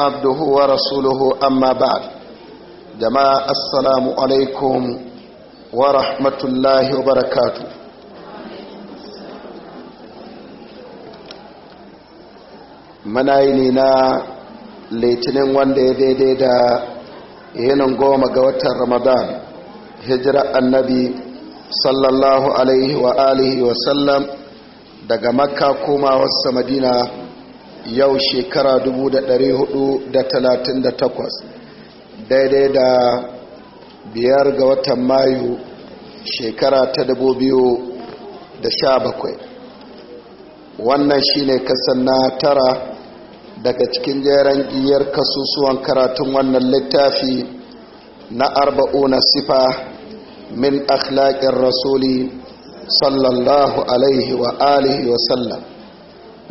abduhu wa rasuluhu amma ba'd jama'a assalamu alaikum wa rahmatullahi wa barakatu mana yi ne na litinin wanda ya daidai da yinin goma ga watan ramadan hijira annabi sallallahu alaihi wa alihi wa sallam daga makka koma wasu madina yau shekara 438 daidai da biyar ga watan mayu shekara ta 2017 wannan shine kasan na tara daga cikin jeren giyar kasusuwan karatun wannan littafi na arba'u na sifa min akhlaƙin rasuli sallallahu alaihi wa alihi wa sallam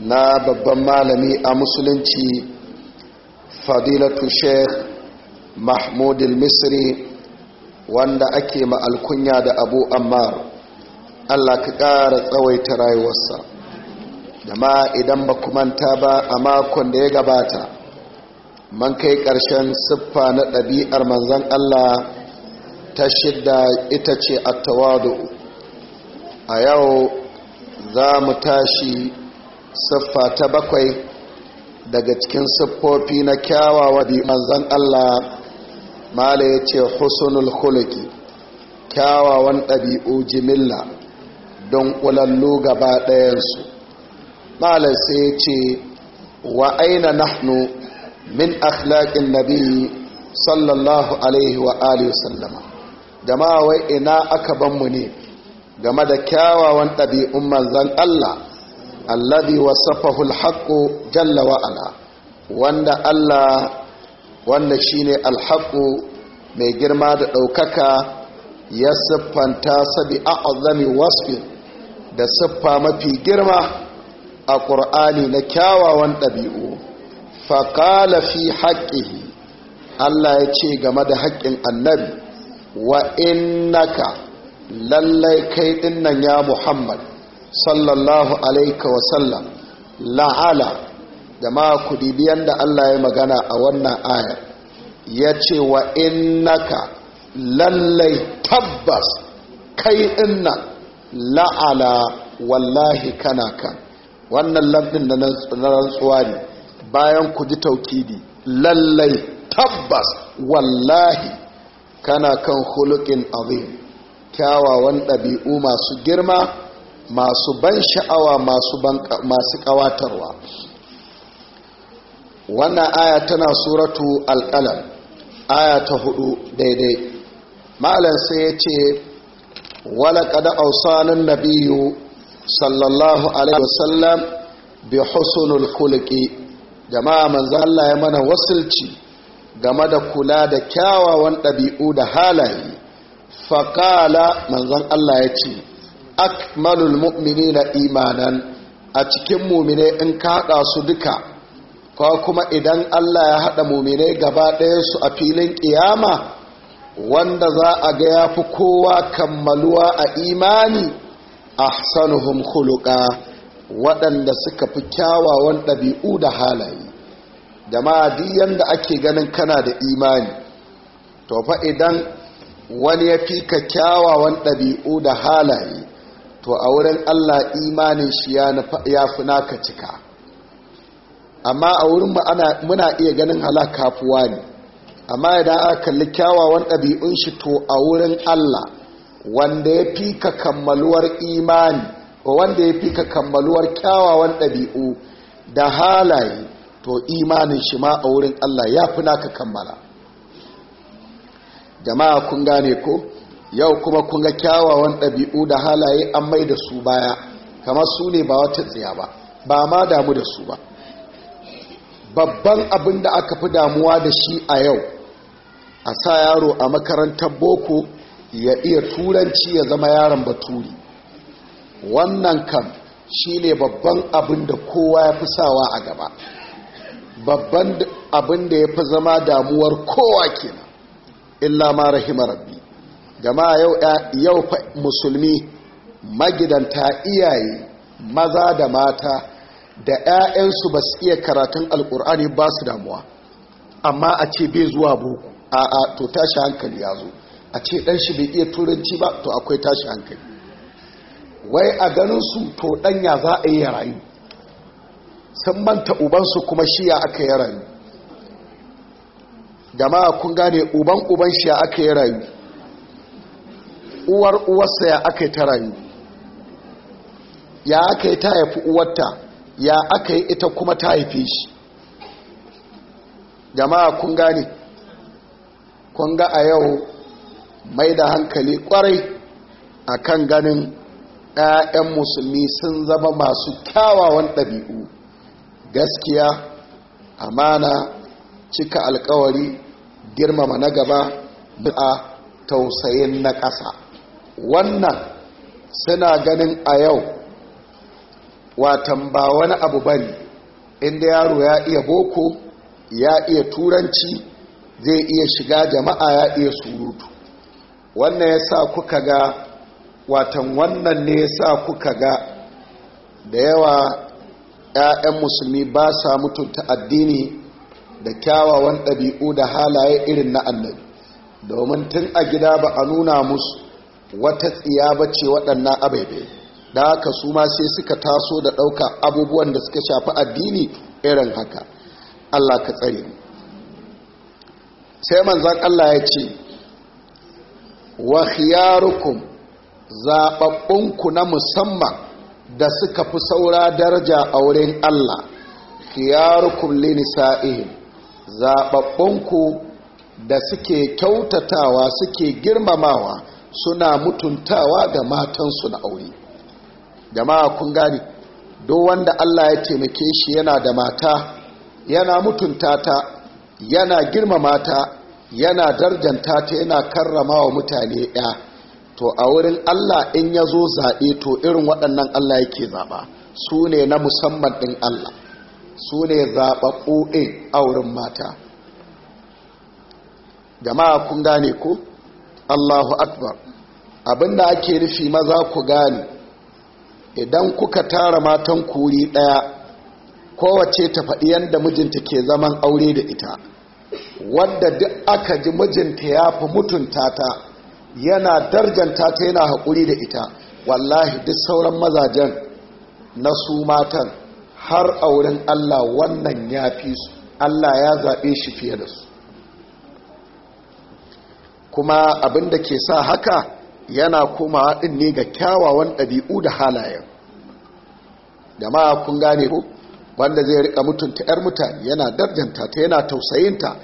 na babban malami a musulunci fadilatu sheikh mahmud misri wanda ake ma alkunya da abu ammar allah ka ƙara tsawaita rayuwarsa da ma idan ba manta ba a makon da ya gabata man kai ƙarshen siffa na ɗabi'ar manzan allah ta shidda ita ce a tawadu. a yau za mu tashi siffa ta bakwai daga cikin siffofi na kyawawa bi manzan Allah mala ya ce husnul khuluqi kyawawan ɗabi'u jimilla don ƙulallu gaba ɗayansu mala sai ya ce wa aina nahnu min akhlaqin nabi sallallahu alaihi wa alihi sallama jama'a wai ina aka mu ne game da kyawawan ɗabi'un manzan Allah alladhi wasafahu alhaqqu jalla wa ala wanda Allah wanda shine alhaqqu mai girma da daukaka ya siffanta sabi a'zami wasfi da siffa mafi girma a qur'ani na kyawawan dabi'u faqala fi haqqihi Allah ya ce game da haƙƙin annabi wa innaka lallai kai dinnan ya Muhammad sallallahu alaika wasallam la'ala da ma kudibiyan da Allah ya magana a wannan aya ya ce wa innaka lallai tabbas kai inna la'ala wallahi kana kan wannan lamɗin da na rantsuwa ne bayan ku ji taukidi lallai tabbas wallahi kana kan hulukin abin kyawawan ɗabi'u masu girma masu ban sha'awa masu kawatarwa wannan aya tana suratu alƙalam aya ta hudu daidai malam sai ya ce wala walaƙad ausanin nabiyu sallallahu alaihi wasallam bi husunul kulki jama'a manzo Allah ya mana wasilci game da kula da kyawawan ɗabi'u da halaye faƙala manzon Allah ya ce akmalul mu'minina imanan a cikin mumine in ka kaɗa su duka ko kuma idan Allah ya haɗa mumine gaba ɗaya su a filin ƙiyama wanda za a ga ya fi kowa kammaluwa a imani ahsanuhum khuluqa waɗanda suka fi kyawawan ɗabi'u da halaye jama'a duk yanda ake ganin kana da imani to fa idan wani ya fi ka kyawawan ɗabi'u da halaye to a wurin Allah imanin shi ya fi naka cika amma a wurin muna iya ganin halaka fuwa ne amma idan aka kalli kyawawan ɗabi'un shi to a wurin Allah wanda ya fi ka kammaluwar imani wanda ya fi ka kammaluwar kyawawan ɗabi'u da halaye to imanin shi ma a wurin Allah ya fi naka kammala jama'a kun gane ko yau kuma kun ga kyawawan ɗabi'u da halaye an mai da su baya kamar su ne ba wata tsiya ba ba ma damu da su ba babban abin da aka fi damuwa da shi a yau a sa yaro a makarantar boko ya iya turanci ya zama yaron baturi wannan kan shi ne babban abin da kowa ya fi sawa a gaba babban abin da ya fi zama damuwar kowa kenan illa ma rahima rabbi jama'a yau yau musulmi magidanta iyaye maza da mata da 'ya'yansu ba su iya karatun alkur'ani ba su damuwa amma a ce bai zuwa boko a a to tashi hankali ya zo a ce dan shi bai iya turanci ba to akwai tashi hankali wai a ganinsu to dan ya za a yi rayu sun manta ubansu kuma shi ya aka yi rayu jama'a kun gane uban uban shi ya aka yi rayu uwar uwarsa ya aka yi ta rayu ya aka yi ta haifi uwarta ya aka yi ita kuma ta haife shi jama'a kun gane kun ga a yau mai da hankali kwarai a kan ganin 'ya'yan musulmi sun zama masu kyawawan ɗabi'u gaskiya amana cika alkawari girmama na gaba da tausayin na ƙasa wannan suna ganin a yau watan ba wani abu bane inda yaro ya iya boko ya iya turanci zai iya shiga jama'a ya iya surutu wannan ya sa kuka ga watan wannan ne ya sa kuka ga da yawa 'ya'yan musulmi ba sa mutunta addini da kyawawan ɗabi'u da halaye irin na annabi domin tun a gida ba a nuna musu wata tsiya ba ce waɗannan abaibai da haka su ma sai suka taso da ɗauka abubuwan da suka shafi addini irin haka Allah ka tsari. sai manzan Allah ya ce wa khiyarukum zaɓaɓɓunku na musamman da suka fi saura daraja a wurin Allah khiyarukum linisa'ihim zaɓaɓɓunku da suke kyautatawa suke girmamawa suna mutuntawa da matansu na aure jama'a kun gani duk wanda Allah ya taimake shi yana da mata yana mutuntata, yana girmama ta yana darjanta ta yana karrama wa mutane ya to a wurin Allah in ya zo zaɓe to irin waɗannan Allah yake zaɓa su ne na musamman ɗin Allah su ne zaɓaɓɓu a wurin mata jama'a kun gane ko allahu akbar abinda ake nufi maza ku gane idan kuka tara matan kuri daya kowace ta faɗi yadda mijinta ke zaman aure da ita wadda duk aka ji mijinta ya fi mutunta ta yana darjanta ta yana haƙuri da ita wallahi duk sauran mazajen na su matan har auren allah wannan ya fi su allah ya zaɓe shi fiye da su kuma abin da ke sa haka yana komawa din ne ga kyawawan ɗabi'u da halayen jama'a kun gane ku wanda zai rika mutunta 'yar mutane yana darjanta ta yana tausayinta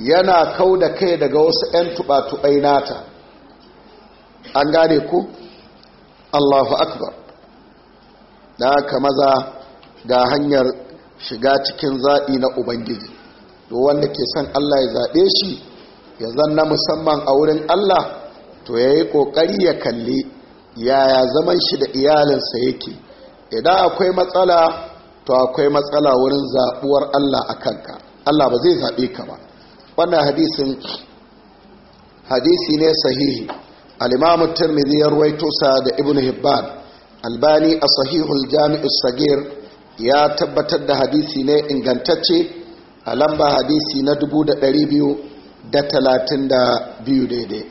yana kau da kai daga wasu 'yan tuba-tubai nata an gane ku allahu akbar da maza ga hanyar shiga cikin zaɓi na ubangiji wanda ke son allah ya zaɓe shi ya zanna musamman a wurin Allah to ya yi ƙoƙari ya kalli yaya zaman shi da iyalinsa yake idan akwai matsala to akwai matsala wurin zaɓuwar Allah a kanka Allah ba zai zaɓe ka ba wannan hadisin hadisi ne sahihi al-imamu tirmidhi ya ruwaito sa da ibnu hibban albani a sahihul jami'us sagir ya tabbatar da hadisi ne ingantacce a lamba hadisi na biyu. da talatin da biyu daidai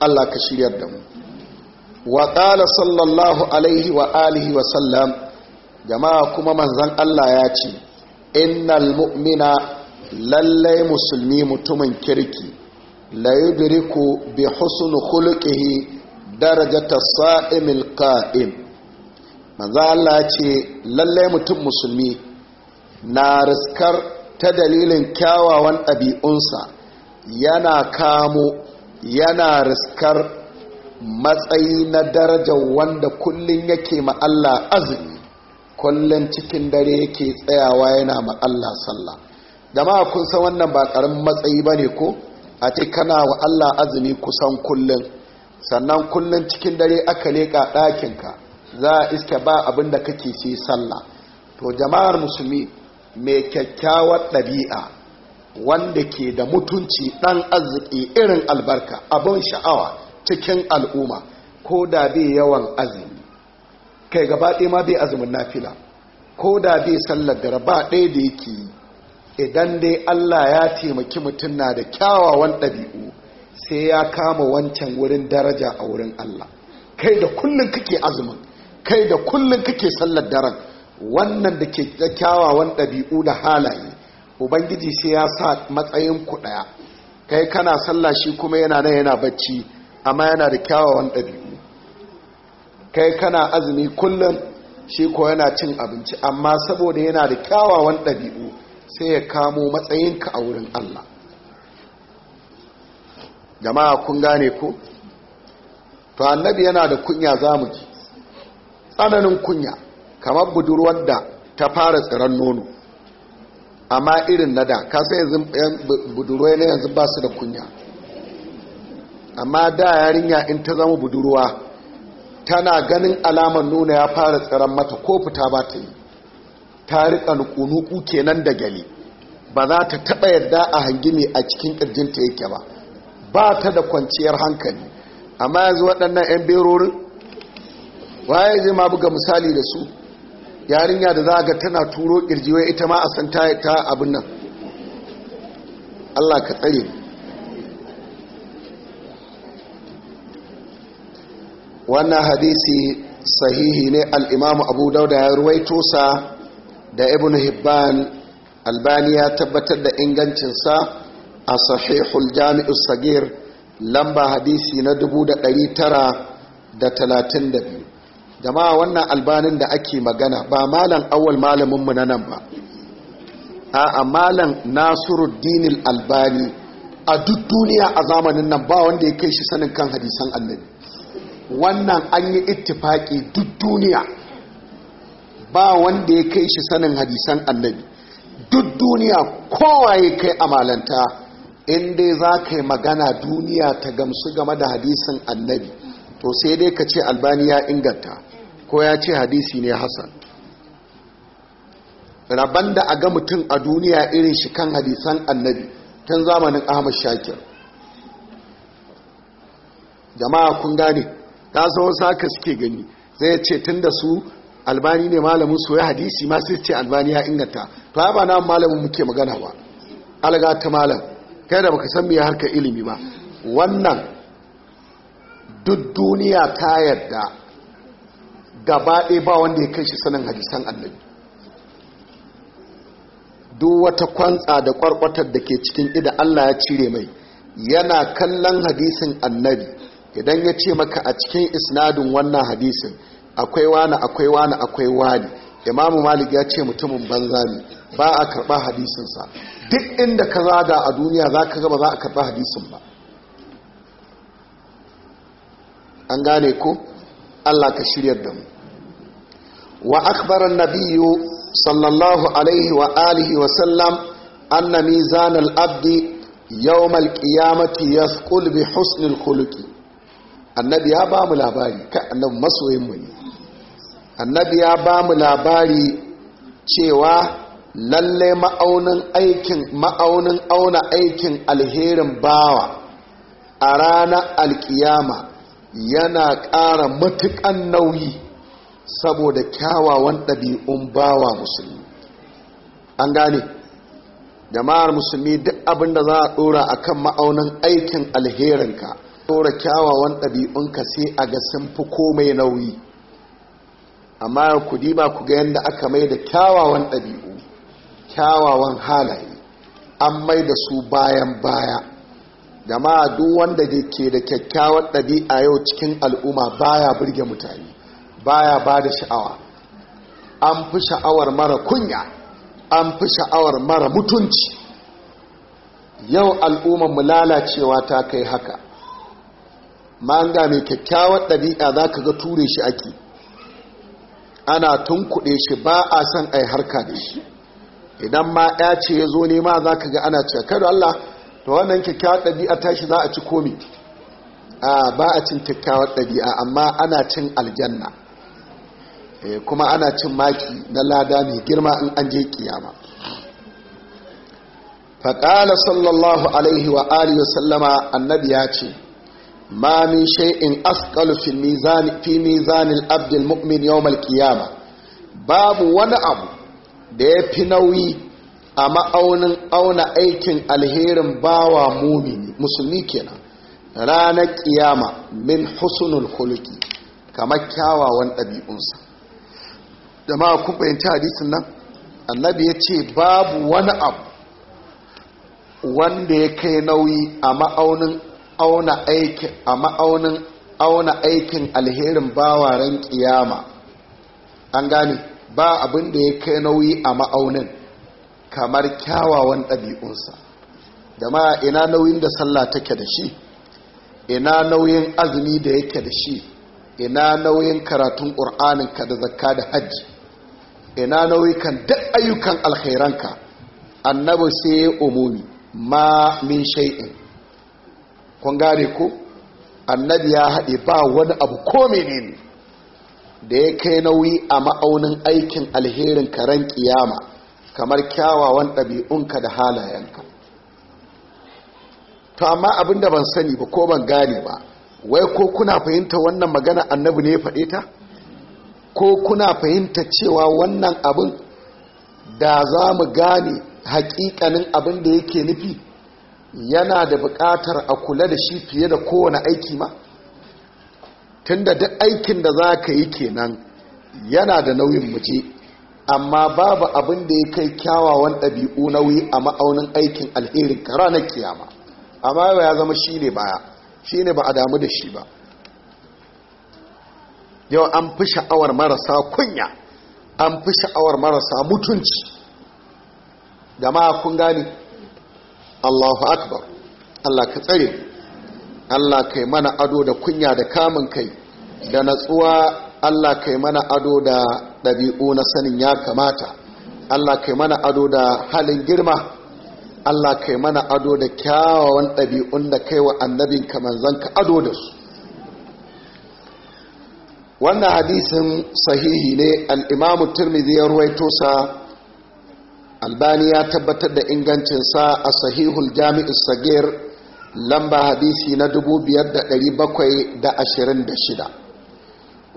Allah ka shiryar da mu wa ƙala sallallahu alaihi wa alihi wa sallam jama'a kuma manzan Allah ya ce innal mu'mina lallai musulmi mutumin kirki la yudriku bi husn khuluqihi darajata sa'imil qa'im manzan Allah ya ce lallai mutum musulmi na riskar ta dalilin kyawawan ɗabi'unsa yana kamo yana riskar matsayi na daraja wanda kullum yake ma'alla azumi kullum cikin dare yake tsayawa yana ma'alla sallah jama'a kun san wannan ba karin matsayi ba ne ko a ce kana wa allah azumi kusan kullum sannan kullum cikin dare aka leƙa ɗakinka za a iske ba abin da kake sai sallah to jama'ar musulmi mai kyakkyawar ɗabi'a wanda ke da mutunci ɗan arziki irin albarka abin sha'awa cikin al'umma ko da bai yawan azumi kai gaba ɗaya ma bai azumin fila, ko da bai sallar da raba ɗaya da yake yi idan dai allah ya taimaki mutum na da kyawawan ɗabi'u sai ya kama wancan wurin daraja a wurin allah kai da kullum kake azumin kai da kullum kake sallar daren wannan da ke kyawawan ɗabi'u da halaye ubangiji sai ya sa matsayin ku daya kai kana sallah shi kuma yana nan yana bacci amma yana da kyawawan ɗabi'u kai kana azumi kullum shi ko yana cin abinci amma saboda yana da kyawawan ɗabi'u sai ya kamo matsayinka a wurin Allah jama'a kun gane ko to annabi yana da kunya zamu ji tsananin kunya kamar budurwar da ta fara tsiran nono amma irin na da kasa yanzu budurwa na yanzu ba su da kunya amma da yarinya in ta zama budurwa tana ganin alamar nuna ya fara tsaron mata ko fita ba ta yi ta riƙa nuku kenan da gyale ba za ta taɓa yarda a hangime a cikin ƙirjinta yake ba ba ta da kwanciyar hankali amma yanzu waɗannan 'yan berorin waye zai ma buga misali da su yarinya da za a ga tana turo kirjiwa ita ma a san ta abin nan Allah ka tsare wannan hadisi sahihi ne al'imamu abu dauda ya ruwaito sa da ibn hibban albani ya tabbatar da ingancinsa a sahihul jami'u sagir lamba hadisi na 932 jama'a wannan albanin da ake magana ba malam awal malaminmu na nan ba a malam nasiruddin albani a duk duniya a zamanin nan ba wanda ya kai shi sanin kan hadisan annabi wannan an yi ittifaki duk duniya ba wanda ya kai shi sanin hadisan annabi duk duniya ya kai amalanta inda za ka yi magana duniya ta gamsu game da hadisan annabi to sai dai ka ce albani ya inganta ko ya ce hadisi ne Hassan, rabban da a ga mutum a duniya irin shi kan hadisan annabi tun zamanin ahmad shakir jama'a kun gane ta zo saka suke gani zai ce tun da su albani ne malamin soya hadisi masu ce albani ya inganta to ba na malamin muke magana ba alga ta malam kai da baka san mai harkar ilimi ba wannan duk duniya ta yadda. gaba ɗaya ba wanda ya kai shi sanin hadisan annabi duk wata kwantsa da kwarkwatar da ke cikin ida Allah ya cire mai yana kallon hadisin annabi idan ya ce maka a cikin isnadin wannan hadisin akwai wani akwai wani akwai wani imamu malik ya ce mutumin banza ne ba a karɓa hadisinsa duk inda ka zaga a duniya za ka gaba za a karɓa hadisin ba an gane ko allah ka shirya da mu وأخبر النبي صلى الله عليه وآله وسلم أن ميزان الأبد يوم القيامة يثقل بحسن الخلق النبي يا بام لاباري كأنه مسوي مني النبي يا بام لاباري cewa lalle ma'aunin aikin ma'aunin auna aikin alherin bawa a ranar alkiyama yana ƙara matuƙan nauyi saboda kyawawan ɗabi'un bawa musulmi an gane jama'ar musulmi duk abinda da za a ɗora a kan ma'aunin aikin alherinka ɗora kyawawan ɗabi'unka sai a ga sun fi komai nauyi amma ku diba ku ga yadda aka mai da kyawawan ɗabi'u kyawawan halaye an mai da su bayan baya jama'a duk wanda ke da kyakkyawan ɗabi'a yau cikin al'umma baya burge mutane baya ba da sha'awa an fi sha'awar mara kunya an fi sha'awar mara mutunci yau al'ummar mu lalacewa ta kai haka manga mai kyakkyawar ɗabi'a za ka ga ture shi ake ana tunkuɗe shi ba a son a harka da shi idan ma ya ce ya zo nema za ka ga ana cakar Allah to wannan kyakkyawar ɗabi'a ta shi za a ci komi a ba a cin kyakkyawar ɗabi'a amma ana cin aljanna Eh, kuma ana cin maki na lada mai girma in an je kiyama faƙala sallallahu alaihi wa alihi sallama annabi ya ce ma min shay'in in fi mizan fi mizan al-abd al-mu'min yawm al-qiyama babu wani abu da ya fi nauyi a ma'aunin auna aikin alherin bawa mumini musulmi kenan ranar kiyama min husnul khuluqi kamar kyawawan ɗabi'unsa da ma kun fahimci hadisin nan annabi ya ce babu wani abu wanda ya kai nauyi a ma'aunin auna aikin a ma'aunin auna aikin alherin bawaren kiyama an gane ba abin da ya kai nauyi a ma'aunin kamar kyawawan ɗabi'unsa da ma ina nauyin da sallah take da shi ina nauyin azumi da yake da shi ina nauyin karatun ka da zakka da hajji ina kan duk ayyukan alkhairanka annabi sai umumi ma min shay'in kun gane ko annabi ya haɗe ba wani abu ko menene da ya kai nauyi a ma'aunin aikin alherin karen kiyama kamar kyawawan ɗabi'unka da halayenka to amma abinda ban sani ba ko ban gane ba wai ko kuna fahimta wannan magana annabi ne ya faɗe ta ko kuna fahimta cewa wannan abin da za mu gane hakikanin abin da yake nufi yana da bukatar a kula da shi fiye da kowane aiki ma tunda duk aikin da za ka yi kenan yana da nauyin muje amma babu abin da ya kai kyawawan ɗabi'u nauyi a ma'aunin aikin alherin na kiyama amma ya zama shi ne baya shi ne ba a damu da shi ba yau an fi sha'awar marasa kunya an fi sha'awar marasa mutunci ma kun gani allahu akbar allah ka tsare allah kai mana ado da kunya da kamun kai da natsuwa allah kai mana ado da ɗabi'u na sanin ya kamata allah kai mana ado da halin girma allah kai mana ado da kyawawan ɗabi'un da kai wa annabinka manzanka ado da su wannan hadisin sahihi ne al'imamu Turmi ya ruwaito sa albani ya tabbatar da ingancinsa a sahihul jami'in sagir lamba hadisi na 5726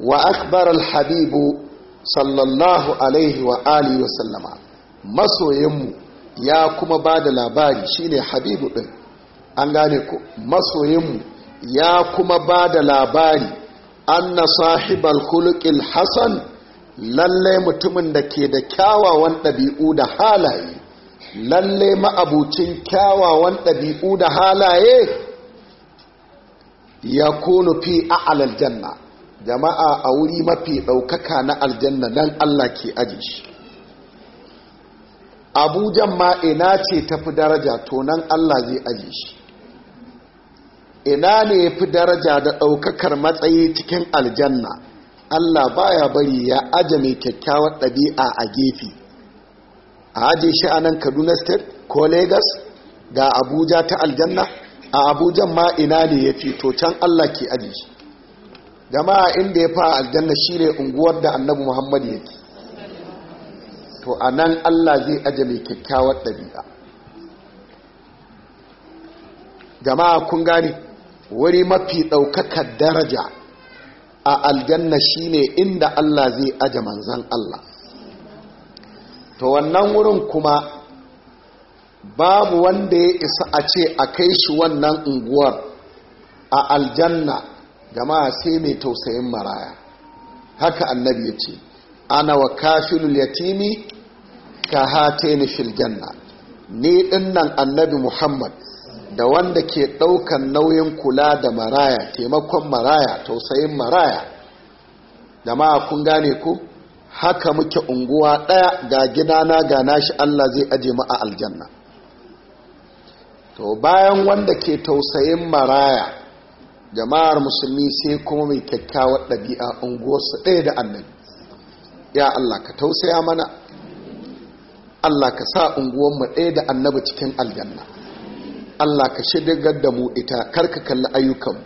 wa akbar al-habibu sallallahu alaihi wa alihi wa sallama masoyinmu ya kuma ba da labari shine habibu din an gane ku masoyinmu ya kuma ba da labari anna sahibal khuluqil hasan lalle mutumin da ke da kyawawan ɗabi'u da halaye lalle ma'abucin kyawawan ɗabi'u da halaye ya kunu fi a aljanna jama'a a wuri mafi ɗaukaka na aljanna nan allah ke aji shi abujan ma ina ce tafi daraja to nan allah zai aji shi ina ne ya fi daraja da ɗaukakar matsayi cikin aljanna allah baya bari ya aje mai kyakkyawar ɗabi'a a gefe a aje shi a nan kaduna state ko lagos ga abuja ta aljanna a abujan ma ina ne ya fi to can allah ke aje shi jama'a inda ya fa aljanna shine unguwar da annabi muhammad yake to a nan allah zai aje mai kyakkyawar ɗabi'a jama'a kun gane wuri mafi ɗaukakar daraja a aljanna shine inda Allah zai aje manzan Allah to wannan wurin kuma babu wanda ya isa a ce a kai shi wannan unguwar a aljanna jama'a sai mai tausayin maraya haka annabi ya ce ana wa kafilul yatimi ka hate ni fil janna ni dinnan annabi muhammad da wanda ke ɗaukan nauyin kula da maraya taimakon maraya tausayin maraya jama'a kun gane ku haka muke unguwa ɗaya ga na ga nashi allah zai aje mu a aljanna to bayan wanda ke tausayin maraya jama'ar musulmi sai kuma mai kyakkyawar ɗabi'a unguwarsu ɗaya da annabi ya allah ka tausaya mana allah ka sa mu ɗaya da annabi cikin aljanna Allah ka shidigar da mu ita karka kalli ayyukan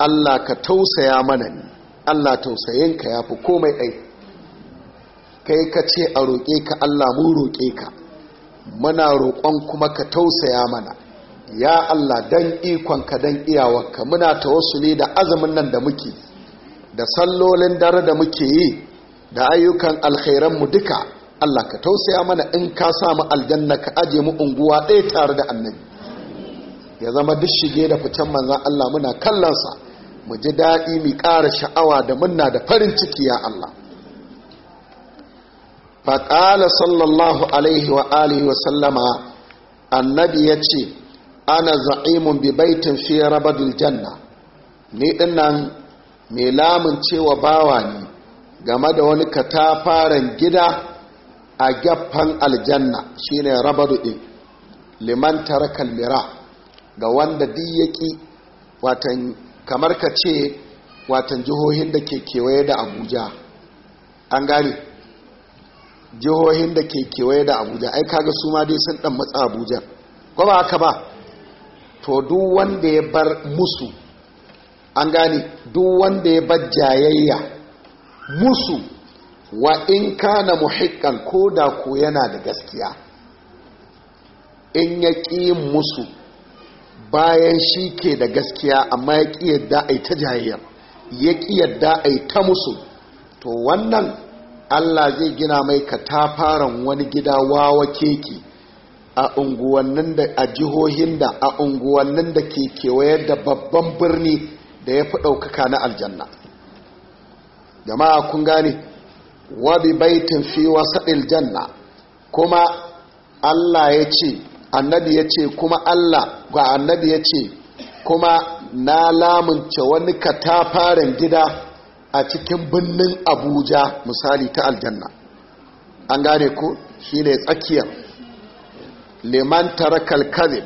Allah ka tausaya mana ne Allah tausayinka ya fi komai ai kai ka ce a roƙe ka Allah mu roƙe ka muna roƙon kuma ka tausaya mana ya Allah dan ikonka dan iyawarka muna tawassuli da azumin nan da muke da sallolin dare da muke yi da ayyukan mu duka Allah ka tausaya mana in ka samu aljanna ka aje mu unguwa ɗaya tare da annabi ya zama duk shige da fitan manzan Allah muna kallonsa mu ji daɗi mu ƙara sha'awa da munna da farin ciki ya Allah faƙala sallallahu alaihi wa alihi wa sallama annabi ya ce ana za'imun bi baitin fi rabadul janna ni dinnan mai lamun cewa bawa ne game da wani katafaren gida a gaffan aljanna shine rabadu ɗin liman tara kalmira ga wanda duk yaki watan kamar ka ce watan jihohin da ke kewaye da abuja an gane jihohin da ke kewaye da abuja ai kaga su ma dai sun dan matsa abuja ko ba haka ba to duk wanda ya bar musu an gane duk wanda ya bar jayayya musu wa in kana muhikkan ko da ko yana da gaskiya in ya ƙi musu bayan shi ke da gaskiya amma ya ƙi yadda a yi ta jayayyar ya ƙi yadda a yi ta musu to wannan allah zai gina mai katafaren wani gida wawa keke a unguwannin da a jihohin da a unguwannin da ke kewaye da babban birni da ya fi ɗaukaka na aljanna jama'a kun gane wabi baitin fi wasa janna kuma allah ya ce annabi ya ce kuma allah ga annabi ya ce kuma na lamunce wani katafaren gida a cikin birnin abuja misali ta aljanna an gane ko shi ne tsakiyar liman tarakal kazib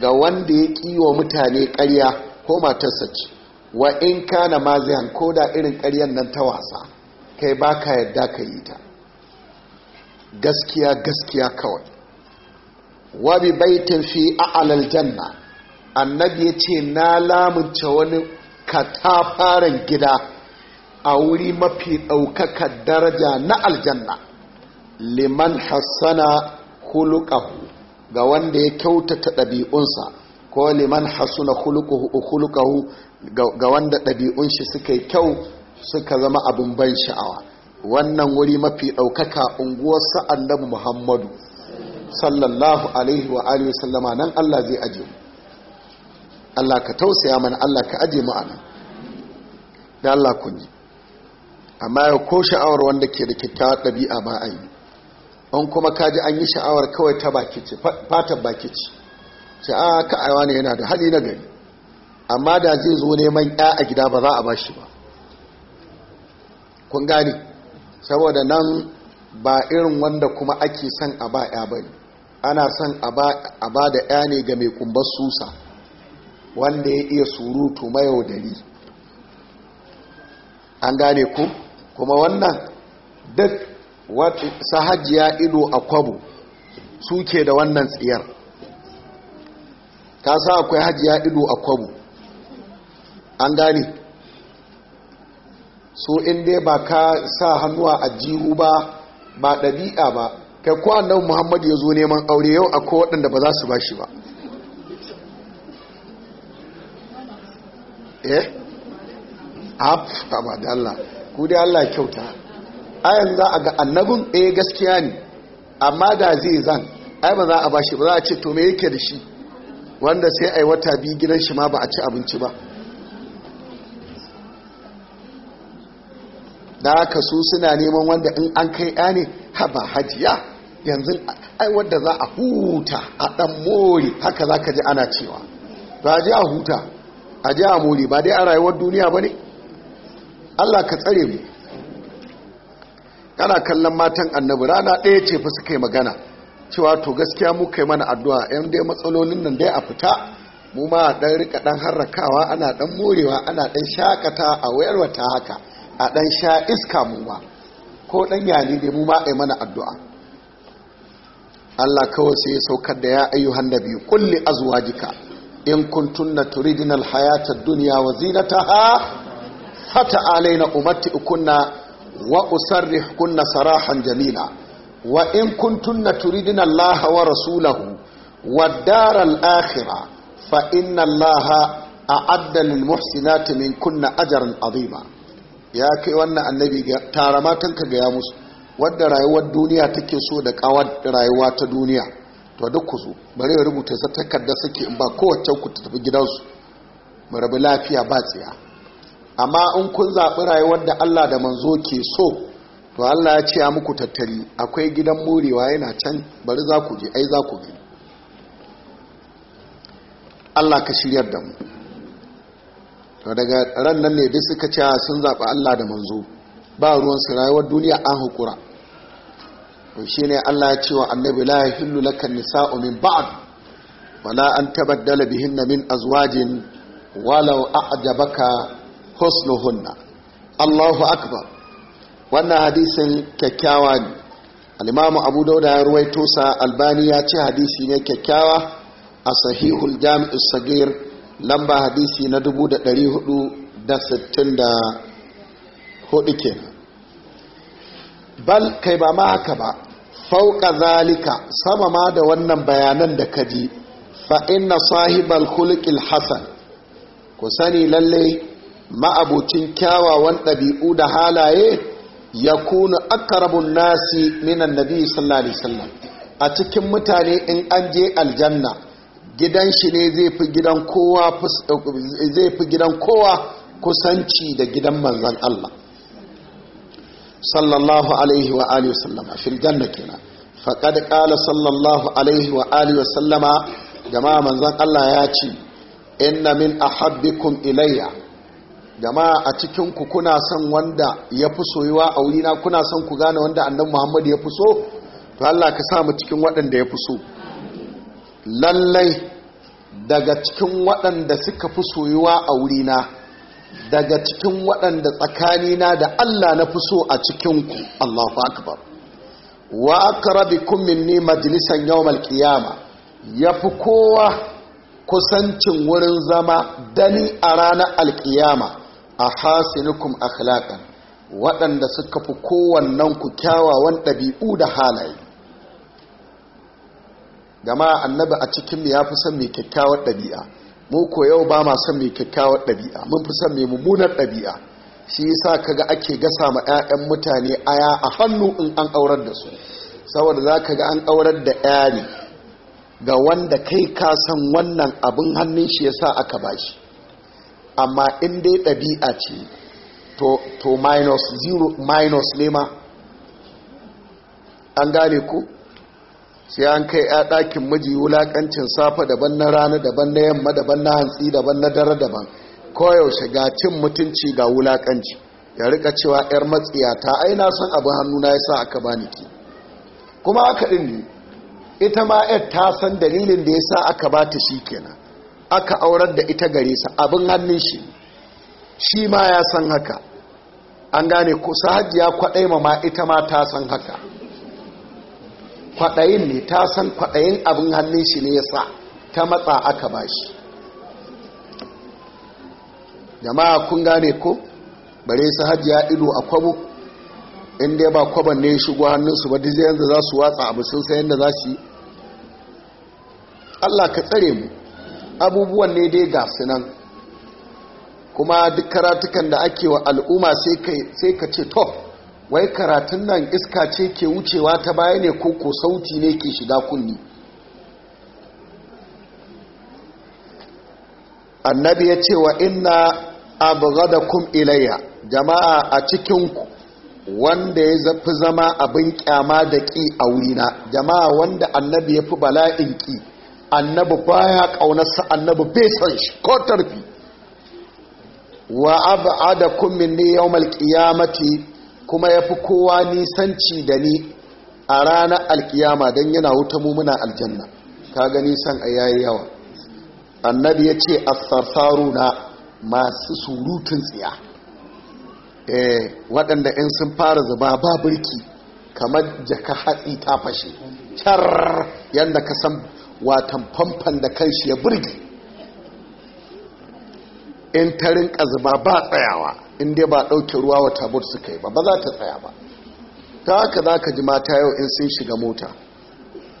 ga wanda ya kiwo mutane karya ko matarsa ce wa in kana mazihan ko da irin karyan nan ta wasa kai baka yadda ka yi ta gaskiya gaskiya kawai wa bi baitin fi a'lal janna annabi yace na lamunce wani katafaren gida a wuri mafi ɗaukakar daraja na aljanna liman hassana hulukahu ga wanda ya kyautata ɗabi'unsa ko liman hasuna hulukahu ga wanda ɗabi'un shi suka yi kyau suka zama abin ban sha'awa wannan wuri mafi ɗaukaka unguwar sa'an annabi muhammadu sallallahu alaihi wa alihi sallama nan Allah zai aje mu Allah ka tausaya mana Allah ka aje mu anan da Allah kun ji amma ya ko sha'awar wanda ke da kyakkyawar ɗabi'a ba a yi an kuma kaji an yi sha'awar kawai ta baki ce fata baki ce ce a ah, ka aiwa ne yana da hali na gari amma da zai zo neman ya a gida ba za a ba shi ba kun gane saboda nan ba irin wanda kuma ake son a ba ya bane ana son a ba da ya ne ga mai kumbar susa wanda ya iya surutu mayaudari an gane ku kuma wannan duk sahajiya ido a kwabo suke da wannan tsiyar Ta sa akwai hajiya ido a kwabo an gane so inda ba ka sa hannuwa a jihu ba ba ɗabi'a ba kai ko annabi muhammadu ya zo neman aure yau akwai waɗanda ba za su ba shi ba eh ab ba da Allah ku dai Allah kyauta ayan za a ga annabin eh gaskiya ne amma da zai zan ai ba za a bashi ba za a ce to me yake da shi wanda sai a yi wata biyu gidan shi ma ba a ci abinci ba da haka su suna neman wanda in an kai ya ne haba hajiya yanzu ai wadda za a huta a dan mori haka za ka ji ana cewa a ji a huta a ji a mori ba dai a rayuwar duniya ba ne allah ka tsare mu kana kallon matan annabi rana ɗaya ce fa suka yi magana cewa to gaskiya mu kai mana addu'a yan dai matsalolin nan dai a fita mu ma dan rika dan harrakawa ana dan morewa ana dan shakata a wayarwa ta haka a dan sha iska mu ma ko dan yani dai mu ma ai mana addu'a Allah kawai sai ya saukar da ya ayyuhan nabi kulli azwajika in kuntunna turidinan alhayata duniya dunya wa zinataha fata alaina umatti'ukunna wa usarrihkunna sarahan jamila wa in tunna turidinan laha wa rasulahu wa daral akhira fa inna a a'adda lil muhsinati kunna ajaran azima ya kai wannan annabi tara matanka ga ya musu wadda rayuwar duniya take so da kawar rayuwa ta duniya to duk ku zo bari ya rubuta sa takarda suke in ba kowace ku tafi gidansu mu rabu lafiya ba tsiya amma in kun zaɓi rayuwar da Allah da manzo ke so to Allah ya ce ya muku tattali akwai gidan murewa yana can bari za ku je ai za ku gani Allah ka shiryar da mu to daga ran nan ne duk suka ce sun zaɓi Allah da manzo ba ruwan su rayuwar duniya an hukura to ne Allah ya ce wa annabi la yahillu laka nisa'u min ba'd wala an tabaddala bihinna min azwajin walau a'jabaka husnuhunna Allahu akbar wannan hadisin kyakkyawa ne al-Imam Abu Dawud ya ruwaito sa Albani ya ce hadisi ne kyakkyawa a sahihul jami'u sagir lamba hadisi na hudu kenan bal kai ba ma haka ba fauka zalika sama ma da wannan bayanan da ka ji fa inna sahibal khuluqil hasan ku sani lalle ma'abucin kyawawan ɗabi'u da halaye ya kuna akarabun nasi minan nabi sallallahu alaihi wasallam a cikin mutane in an je aljanna gidan shi ne zai fi gidan kowa kusanci da gidan manzon Allah sallallahu alaihi wa alihi wasallama fil janna kenan faqad qala sallallahu alaihi wa alihi wasallama jama'a manzon Allah ya ce inna min ahabbikum ilayya jama'a a cikin ku kuna son wanda ya fi soyuwa a wurina kuna son ku gane wanda annabi Muhammad ya fi so to Allah ka sa mu cikin waɗanda ya fi so lallai daga cikin waɗanda suka fi soyuwa a wurina daga cikin waɗanda tsakanina da Allah na fi so a cikin cikinku Allahu akbar wa aqrabikum minni majlisan yawmal qiyama yafi kowa kusancin wurin zama dani a ranar alqiyama a hasinukum akhlaqan waɗanda suka fi kowannen ku kyawawan ɗabi'u da halaye gama annabi a cikin ya fi son mai kyakkyawar ɗabi'a mu ko yau ba ma son mai kyakkyawar ɗabi'a mun fi son mai mummunar ɗabi'a shi yasa kaga ake gasa ma 'ya'yan mutane aya a hannu in an aurar da su saboda za ka ga an aurar da 'ya ne ga wanda kai ka san wannan abin hannun shi yasa aka ba shi amma in dai ɗabi'a ce to, to minus zero minus ne ma an gane ku sai an kai ya ɗakin miji wulaƙancin safa daban na rana daban na yamma daban na hantsi daban na dare daban koyaushe ga cin mutunci ga wulaƙanci ya rika cewa 'yar matsiyata ai na san abin hannu na ya sa aka bani ki kuma aka ɗin ita ma 'yar ta san dalilin da ya sa aka ba ta shi kenan aka aurar da ita gare sa abin hannun shi shi ma ya san haka an gane kusa hajiya kwaɗai ma ita ma ta san haka kwaɗayin ne ta san kwaɗayin abin hannun shi ne ya sa ta matsa aka ba shi jama'a kun gane ko bare su hajiya ido a kwabo inda ya ba kwaban ne shigo hannunsu ba duk yanzu za su watsa abu sun sayan da za su yi allah ka tsare mu abubuwan ne dai ga su kuma duk karatukan da ake wa al'umma sai ka ce top wai karatun nan iska ce ke wucewa ta baya ne ko ko sauti ne ke shiga kunni annabi ya ce wa inna kum ilayya jama'a a cikinku wanda ya zafi zama abin kyama da ƙi a wurina jama'a wanda annabi ya fi bala'in ƙi annabi baya ƙaunarsa annabi bai son shi ko tarfi wa ne minni yawmal qiyamati kuma ya fi kowa nisanci da ni a ranar alkiyama don yana wuta mumuna aljanna ka gani san a yayi yawa annabi ya ce na masu surutun tsiya eh waɗanda in sun fara zuba ba birki kamar jaka hatsi ta fashe car yadda ka san watan famfan da kanshi ya burge in ta rinka zuba ba tsayawa inda ba ɗauke ruwa wa tabur suka yi ba ba za ta tsaya ba ta haka za ka ji mata yau in sun shiga mota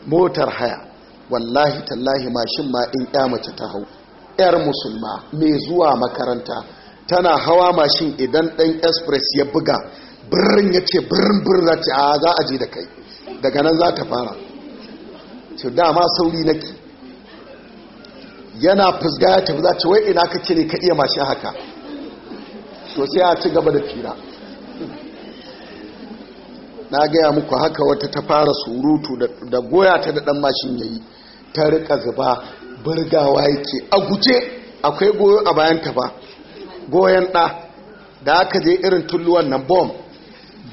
motar haya wallahi tallahi mashin ma in ya mace ta hau yar musulma mai zuwa makaranta tana hawa mashin idan ɗan express ya buga Birrin ya ce birrin birrin za ce a za a je da kai daga nan za ta fara ce dama sauri nake yana fusga ya tafi za ce wai ina ce ne ka iya mashin haka Sosai sai a ci gaba da fira na gaya muku haka wata ta fara surutu da goya ta da dan mashin yayi ta rika zuba burgawa yake a guje akwai goyo a bayan ta ba goyon da da aka je irin tulluwan nan bom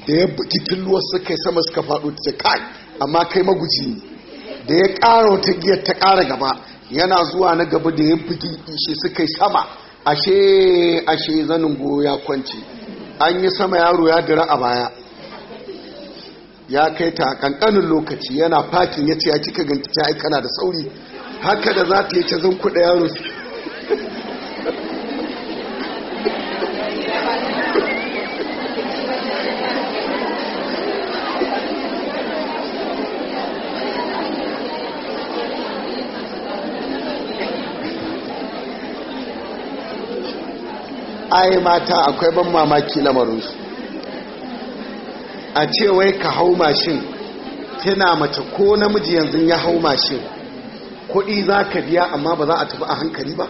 da ya buki tulluwar suka yi sama suka faɗo ta kai amma kai maguji da ya ƙara wata giyar ta ƙara gaba yana zuwa na gaba da ya buki ishe suka yi sama ashe ashe zanin ya kwanci an yi sama yaro ya dira a baya ya kai ta kankanin lokaci yana fakin ya ce ya kika ganta ta aikana da sauri haka da za ta yi ta zan kuɗa yaro ai mata akwai ban mamaki lamarinsu a ce wai ka hau mashin tana mace ko namiji yanzu ya hau mashin kuɗi za ka biya amma ba za a tafi a hankali ba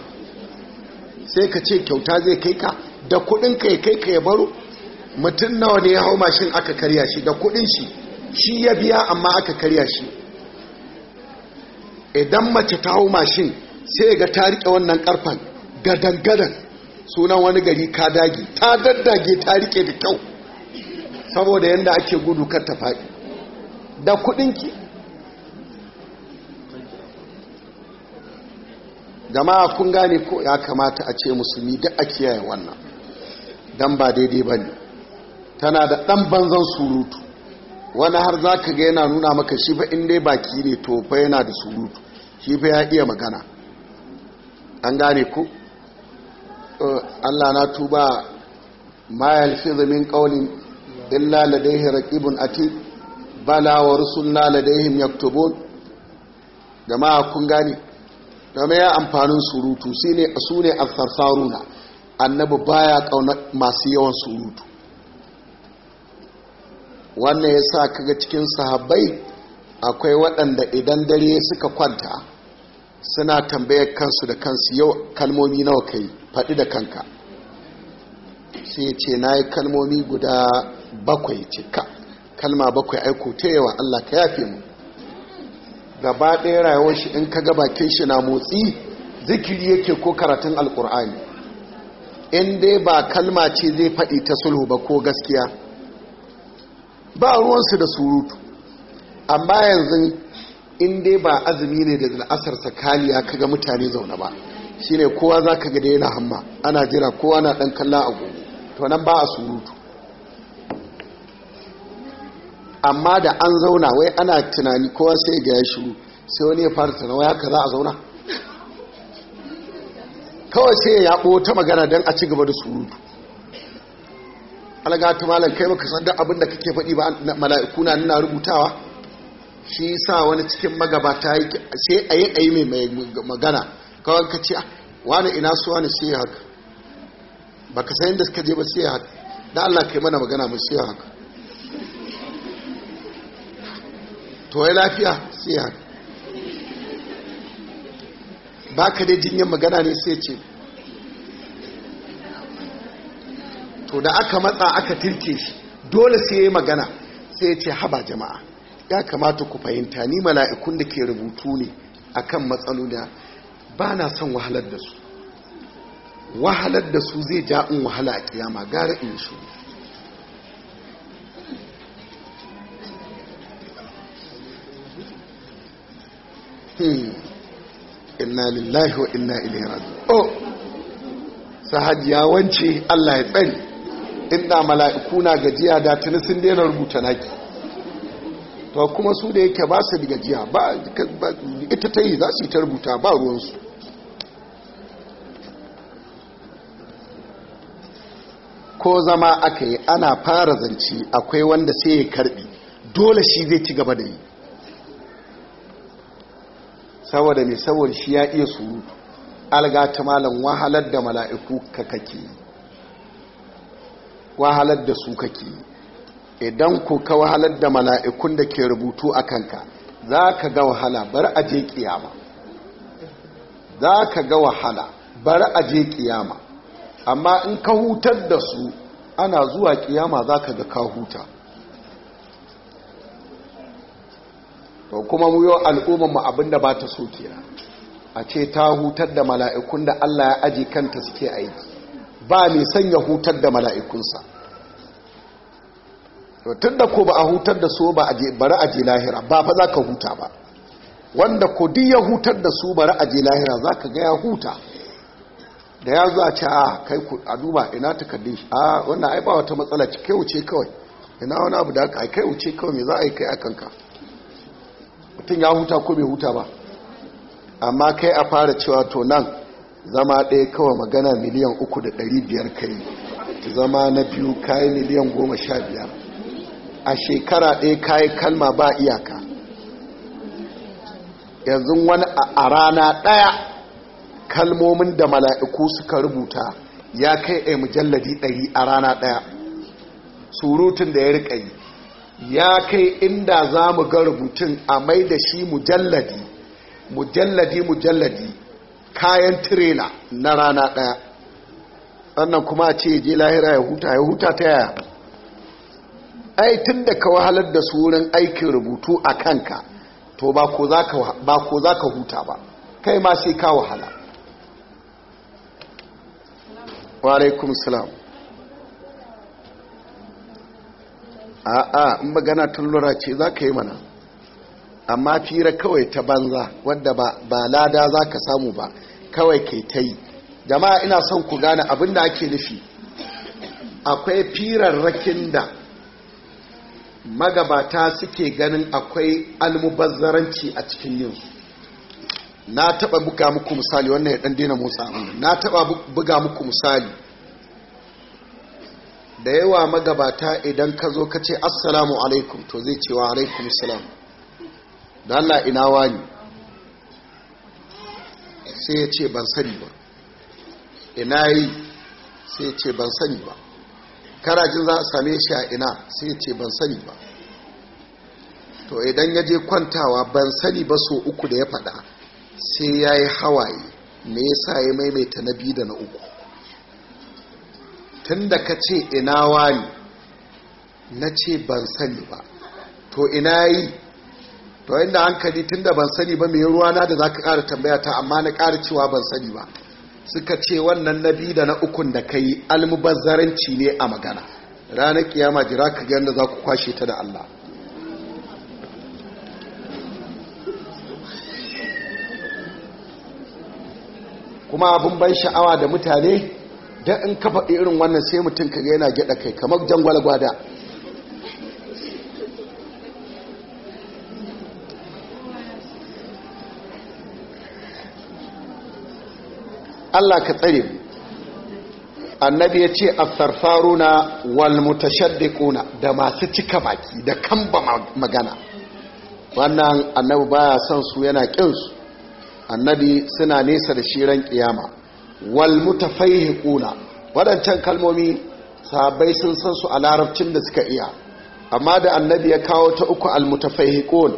sai ka ce kyauta zai kai ka da kuɗin ka ya kai ka ya baro mutum nawa ne ya hau mashin aka karya shi da kuɗin shi shi ya biya amma aka karya shi idan mace ta hau mashin sai ga ta riƙe wannan ƙarfan gadan-gadan sunan wani gari ka dage ta daddage ta rike da kyau saboda yadda ake gudu kar ta faɗi da kudinki jama'a kun gane ko ya kamata a ce musulmi da a kiyaye wannan dan ba daidai ba ne tana da ɗan banzan surutu wani har za ka ga yana nuna maka shi ba inda baki ne to ba yana da surutu shi ba ya iya magana an gane ko Allah na tuba ma halfi zamin qawlin illa ladayhi raqibun atid bala wa rusulna ladayhim yaktubun jama'a kun gane game ya amfanin surutu su ne a asarsaruna annabi baya ƙauna masu yawan surutu wannan ya sa kaga cikin sahabbai akwai waɗanda idan dare suka kwanta suna tambayar kansu da kansu yau kalmomi nawa kai faɗi da kanka sai ya ce na yi kalmomi guda bakwai cika kalma bakwai aiko ta yawa allah ka yafe mu gaba ɗaya rayuwar shi in ka gabakin shi na motsi zikiri yake ko karatun alkur'ani in dai ba kalma ce zai faɗi ta sulhu ba ko gaskiya ba ruwansu da surutu amma yanzu in dai ba azumi ne da la'asar sakaliya ga mutane zaune ba shine kowa za ka gada yana hamma ana jira kowa na ɗan a gobe to nan ba a surutu amma da an zauna wai ana tunani kowa sai ga ya shiru sai wani ya fara tunawa ya ka za a zauna kawai sai ya yaɓo ta magana don a ci gaba da surutu ta malam kai maka san duk abin da kake faɗi ba mala'iku na nuna rubutawa shi sa wani cikin magabata sai ayi ayi mai magana kawai ka ce ah, wani ina su wani sai haka ba ka sayin da suka je ba sai haka da Allah kai mana magana mu sai haka to ya lafiya sai haka ba ka dai jinyar magana ne sai ce to da aka matsa aka tilke shi dole sai ya yi magana sai ce haba jama'a ya kamata ku fahimta ni mala'ikun da ke rubutu ne akan matsalolina ba na son wahalar da su wahalar da su zai ja in wahala a kiyama gara in shi hmm. inna lillahi wa inna ilaihi raji'un oh sahajiya wance Allah ya tsari inna mala'iku na gajiya da tuni sun daina rubuta naki to kuma su da yake ba su da gajiya ba ita ta yi za su yi ta rubuta ba ruwansu ko zama aka yi ana fara zance akwai wanda sai ya karbi dole shi zai ci gaba da yi saboda mai saboda shi ya iya surutu alga ta malam wahalar da mala'iku ka wahalar da su kake idan ku ka wahalar da mala'ikun da ke rubutu a kanka za ka ga wahala bar a je kiyama za ka ga wahala bar a je kiyama amma in ka hutar da su ana zuwa kiyama za ka ga ka huta to kuma mu yau mu abinda ba ta so kira a ce ta hutar da mala'ikun da Allah ya aji kanta suke aiki ba mai sanya hutar da mala'ikunsa to tun da ko ba a hutar da su ba bari a je lahira ba fa za ka huta ba wanda ko duk ya hutar da su bari a je lahira za ka ga ya huta da ya zo a ce a ah, kai a duba ina takardun shi a ah, wannan ai ba wata matsala ci kai wuce kawai ina wani abu da aka kai wuce kawai me za a yi kai a kanka mutum ya huta ko bai huta ba amma kai a fara cewa to nan zama ɗaya kawai magana miliyan uku da ɗari biyar kai zama na biyu kayi miliyan goma sha biyar a shekara ɗaya kayi kalma ba iyaka yanzu wani a rana ɗaya kalmomin da mala'iku suka rubuta ya kai a mujalladi ɗari a rana ɗaya surutun da ya riƙa yi ya kai inda za mu ga rubutun a mai da shi mujalladi mujalladi mujalladi kayan tirela na rana ɗaya sannan kuma a ce je lahira ya huta ya huta ta yaya ai tun da ka wahalar da su wurin aikin rubutu a kanka to ba ko za ka huta ba kai ma sai ka wahala wa'alaikun salam a a magana tun lura ce za ka yi mana amma fira kawai ta banza wadda ba lada za ka samu ba kawai kai ta yi jama'a ina son ku gane abin da ake nufi akwai firarrakin da magabata suke ganin akwai almubazzaranci a cikin yinsu na taba buga muku misali wannan ya dan daina motsa abin na taba buga muku misali da yawa magabata idan ka zo ka ce assalamu alaikum to zai cewa alaikum salam da Allah ina wani sai ya ce ban sani ba ina yi sai ya ce ban sani ba karajin za a same shi a ina sai ya ce ban sani ba to idan ya je kwantawa ban sani ba so uku da ya faɗa sai ya yi hawaye me yasa ya maimaita na biyu da na uku tun da ka ce ina wani na ce ban sani ba to ina yi to inda hankali tun da ban sani ba mai ruwa na da za ka ƙara tambaya ta amma na kara cewa ban sani ba suka ce wannan na biyu da na ukun da ka yi almubazzaranci ne a magana ranar kiyama jira ka yadda za ku kwashe ta da Allah kuma abin ban sha'awa da mutane don in kafa irin wannan sai mutum ka yana gyaɗa kai kamar jangwalgwada Allah ka tsare mu annabi ya ce asarfaruna wal mutashaddiquna da masu cika baki da kamba magana wannan annabi baya son su yana kin annabi suna nesa da shiran kiyama wal mutafaihiquna wadancan kalmomi sahabbai sun san su a larabcin da suka iya amma da annabi ya kawo ta uku al mutafaihiqun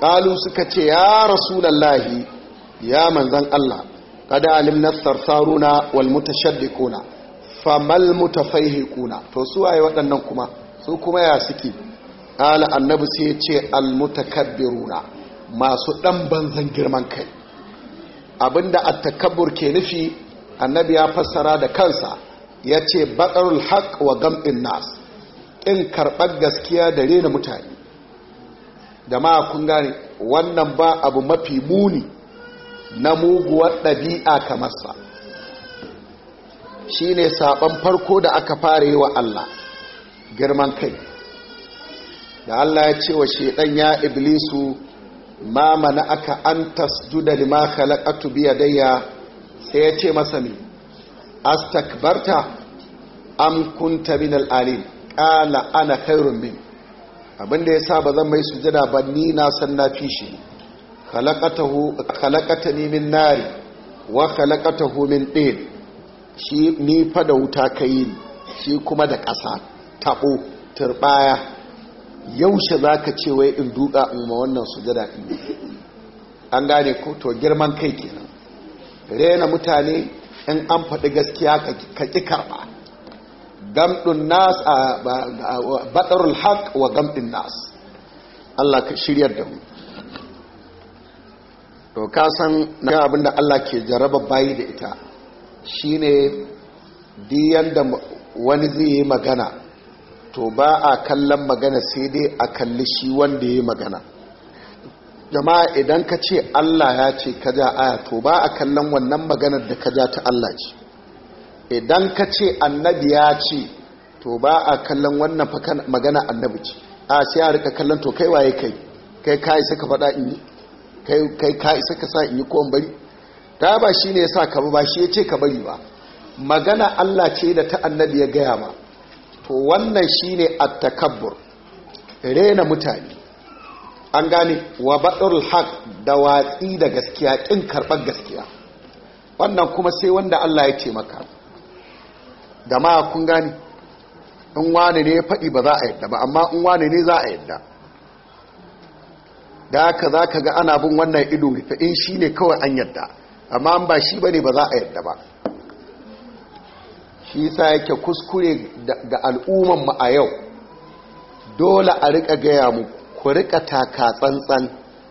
qalu suka ce ya rasulullahi ya manzon Allah قد علمنا الثرثارون والمتشدقون فما المتفيهقون to su waye waɗannan kuma su kuma ya suke ala annabi sai ya ce na. masu ɗan banzan girman kai abinda attakabbur ke nufi annabi ya fassara da kansa ya ce baƙarul haƙ wa gam'in nas in karɓar gaskiya da rena mutane da ma kun gane wannan ba abu mafi muni na muguwar ɗabi'a kamarsa. sa shi ne saɓon farko da aka fara yi wa Allah girman kai da Allah ya ce wa shaɗan ya iblisu ma mana aka an tasjuda lima laƙatu biya daya sai ya ce masa ne barta, am kunta min na alim ana khairun min abinda yasa ba zan mai sujada ba ni na san na fi shi ni min nari wa khalaqatahu min ɗin, shi ni fa da wuta kai shi kuma da ƙasa tabo turbaya yaushe zaka ce wai in duka in ma wannan sujada din an gane ko to girman kai kenan rena mutane in an faɗi gaskiya ka ƙi karɓa gamɗin nas a baɗarul haƙ wa gamɗin nas Allah ka shiryar da mu to ka san na abin da Allah ke jaraba bayi da ita shine diyan da wani zai yi magana to ba a kallon magana sai dai a kalli shi wanda ya yi magana jama'a idan ka ce Allah ya ce ka ja aya to ba a kallon wannan maganar da ka ja ta Allah ce idan ka ce annabi ya ce to ba a kallon wannan magana annabi ce a sai a rika kallon to kai waye kai kai kai suka faɗa in yi kai ka isa ka sa in yi kowan bari ta ba shi ne ya sa ka ba shi ya ce ka bari ba magana Allah ce da ta annabi ya gaya ba. to wannan shi ne attakabbur rena mutane an gane wa baɗar da watsi da gaskiya ƙin karɓar gaskiya wannan kuma sai wanda Allah ya ce maka da ma kun gane in wane ne ya faɗi ba za a yadda ba amma in wane ne za a yadda da haka za ka ga ana bin wannan ido rufe in shi ne kawai an yadda amma ba shi ba ne ba za a yadda ba shi sa yake kuskure ga al'ummanmu a yau dole a rika gaya mu ku rika taka tsantsan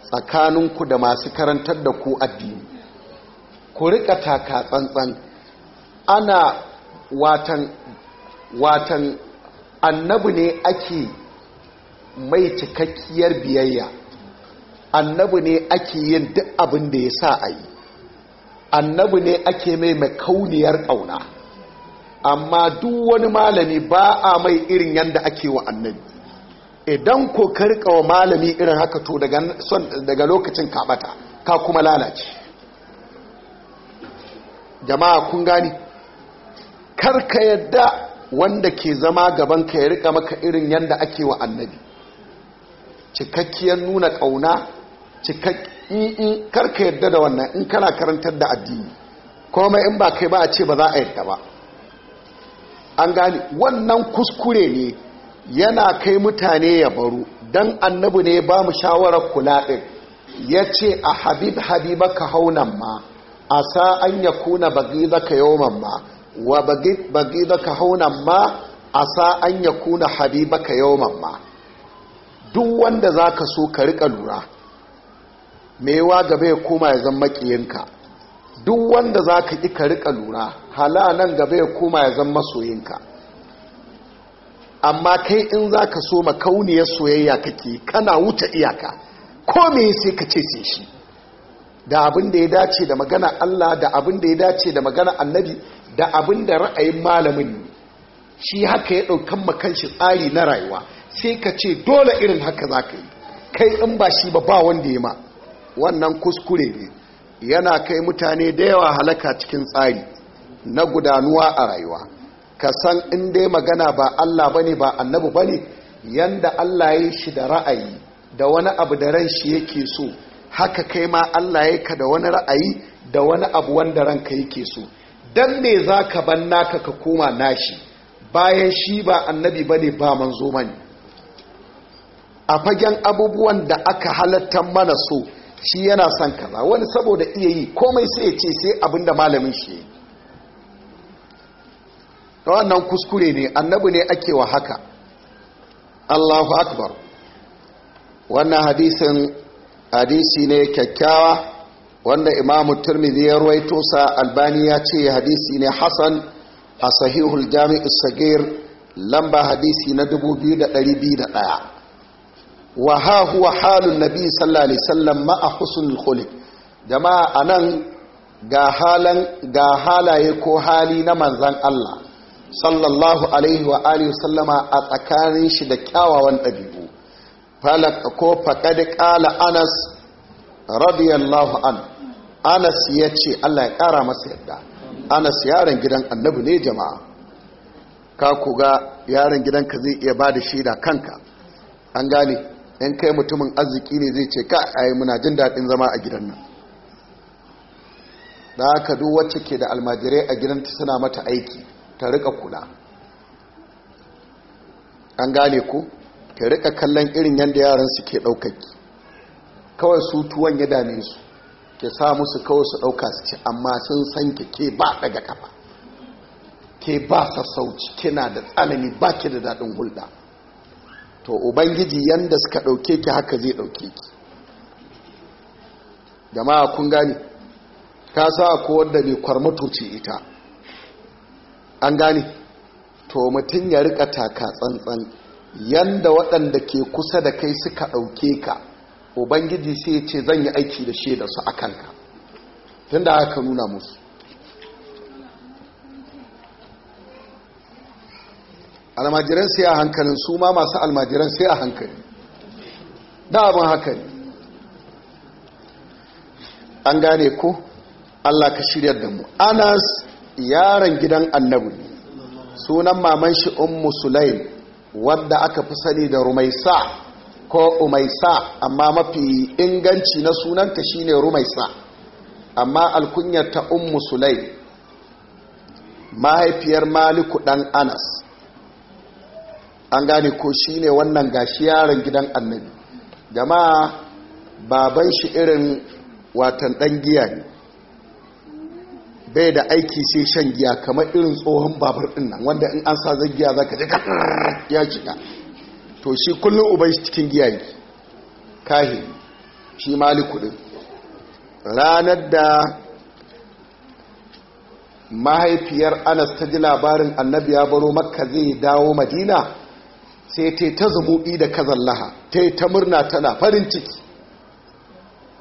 tsakaninku da masu karantar da ku addini ku rika taka tsantsan ana watan watan annabi ne ake mai cikakkiyar biyayya annabi ne ake yin duk abin da ya sa a yi annabi ne ake mai makauniyar ƙauna amma duk wani malami ba a mai irin yadda ake wa annabi idan ko karka wa malami irin haka to daga lokacin kabata ka kuma lalace jama'a kun gani karka yadda wanda ke zama gaban ka ya rika maka irin yadda ake wa annabi cikakkiyar nuna ƙauna cikakki karka yadda da wannan in kana karantar da addini komai in ba kai ba a ce ba za a yadda ba an gani wannan kuskure ne yana kai mutane ya baro don annabi ne ba mu shawarar kula ɗin ya ce a habib habiba ka haunan ma a sa an ya kuna za ka yawon ma wa bagiza ka haunan ma a sa an ya kuna habiba ka yawon ma duk wanda za ka so ka riƙa lura mewa gaba ya koma ya zama makiyinka duk wanda za ka ika ka riƙa lura halanan gaba ya koma ya zama masoyinka amma kai in za ka so makauniyar soyayya kake kana wuce iyaka ko me sai ka ce sai shi da abin da ya dace da magana Allah da abin da ya dace da magana annabi da abin da ra'ayin malamin shi haka ya ɗaukan makanshi tsari na rayuwa sai ka ce dole irin haka za ka yi kai in ba shi ba ba wanda ya ma wannan kuskure ne yana kai mutane da yawa halaka cikin tsari na gudanuwa a rayuwa ka san in dai magana ba Allah ba ne ba annabi ne. yanda Allah ya shi da ra'ayi da wani abu da ran shi yake so haka kai ma Allah ya ka da wani ra'ayi da wani abu wanda ranka yake so dan me ka ban naka ka koma nashi bayan shi ba annabi ba ne ba manzo mani. a fagen abubuwan da aka halatta mana so shi yana son kaza wani saboda iya yi komai sai ya ce sai abinda malamin shi yi wannan kuskure ne annabi ne ake wa haka allahu akbar wannan hadisin hadisi ne kyakkyawa wanda imamu turmidi ya ruwaito sa albani ya ce hadisi ne hassan a sahihul jami'ul sagir lamba hadisi na 2201 wa ha huwa halun nabi sallallahu alaihi wasallam ma'a husnul khuluq jama'a anan ga halan ga halaye ko hali na manzon Allah sallallahu alaihi wa alihi sallama a tsakanin shi da kyawawan dabi'u falak ko faqad qala anas radiyallahu an anas yace Allah ya kara masa yadda anas yaron gidan annabi ne jama'a ka kuga gidan gidanka zai iya bada shaida kanka an gane in kai mutumin arziki ne zai ce ka a yi muna jin daɗin zama a gidan nan da aka duk wacce ke da almajirai a gidanta suna mata aiki ta rika kula an gane ku ta rika kallon irin yadda yaran su ke ɗaukaki kawai su tuwon ya dame su ke sa musu kawai su ɗauka su ci amma sun san ke ke ba daga kafa ke ba sassauci kina da tsanani ba ke da daɗin hulɗa to ubangiji yadda suka ɗauke ki haka zai ɗauke ki jama'a kun gani ka sa ko wadda mai kwarmato ce ita an gani to mutum ya rika taka tsantsan yadda waɗanda ke kusa da kai suka ɗauke ka ubangiji sai ya ce zan yi aiki da su a kanka tun da aka nuna musu almajiran sai a hankalin su ma masu almajiran sai a hankali da abin haka ne an gane ko allah ka shirya da mu anas yaron gidan annabi sunan maman shi ummu sulaim wadda aka fi sani da rumaisa ko umaisa amma mafi inganci na sunanta shine rumaisa amma alkunyar ta ummu sulaim mahaifiyar maliku dan anas an gane ko shi ne wannan gashi yaron gidan annabi Gama baban shi irin watan ɗan giya ne bai da aiki sai shan giya kamar irin tsohon babar ɗinnan, wanda in an sa zai giya za ka ji ya shiga to shi kullum uban shi cikin giya ne kahi shi maliku din ranar da mahaifiyar anas ta ji labarin annabi ya baro makka zai dawo madina sai ta ta zabuɓi da kazallaha ta ta murna tana farin ciki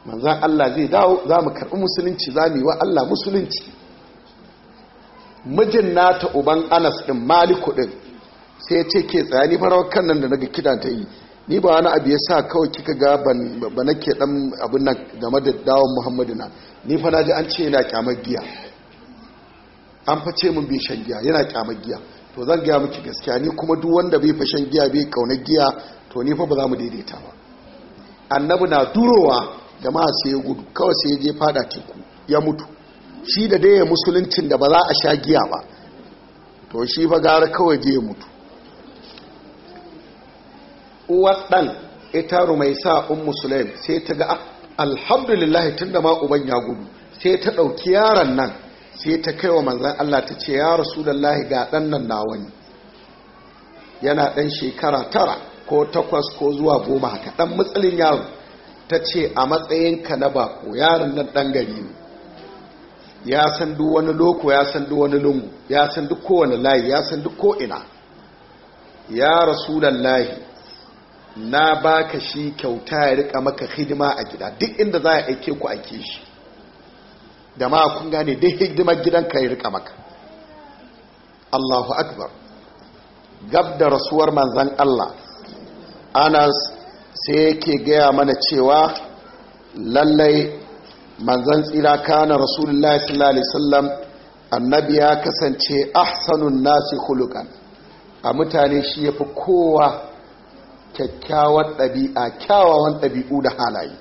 manzan Allah zai dawo za mu karɓi musulunci za mu yi wa Allah musulunci mijin nata uban anas ɗin maliku ɗin sai ce ke tsayani farawar kan nan da naga kidan ta yi ni ba wani abu ya sa kawai kika ga ba na ke ɗan abin nan game da dawon muhammadu na ni fa na ji an ce yana kyamar giya an fa ce min bishan giya yana kyamar giya to zan gaya miki gaskiya ni kuma duk wanda bai fashen giya bai kaunar giya to ni fa ba za mu daidaita ba annabi na durowa jama'a sai ya gudu kawai sai ya je fada teku ya mutu shi da dai musuluncin da ba za a sha giya ba to shi fa gara kawai je ya mutu uwar dan ita rumaisa um musulmi sai ta ga ah, alhamdulillah tunda ma uban ya gudu sai ta dauki yaron nan sai ta kai wa manzan Allah ta ce ya rasu rasulallahi ga ɗan nan na wani yana ɗan shekara tara ko takwas ko zuwa goma haka ɗan matsalin yaron ta ce a matsayinka na bako yaron nan ɗan gari ne ya san duk wani loko ya san wani lungu ya san duk kowane layi ya san duk ko'ina ya rasu rasulallahi na baka shi kyauta ya rika maka hidima a gida duk inda za a aike ku aike shi da ma kun gane duk hidimar gidanka ya rika maka Allahu akbar gab da rasuwar manzan Allah anas sai yake gaya mana cewa lallai manzan tsira kana rasulullahi sallallahu alaihi wasallam annabi ya kasance ahsanun nasi hulukan. a mutane shi yafi kowa kyakkyawar ɗabi'a kyawawan ɗabi'u da halaye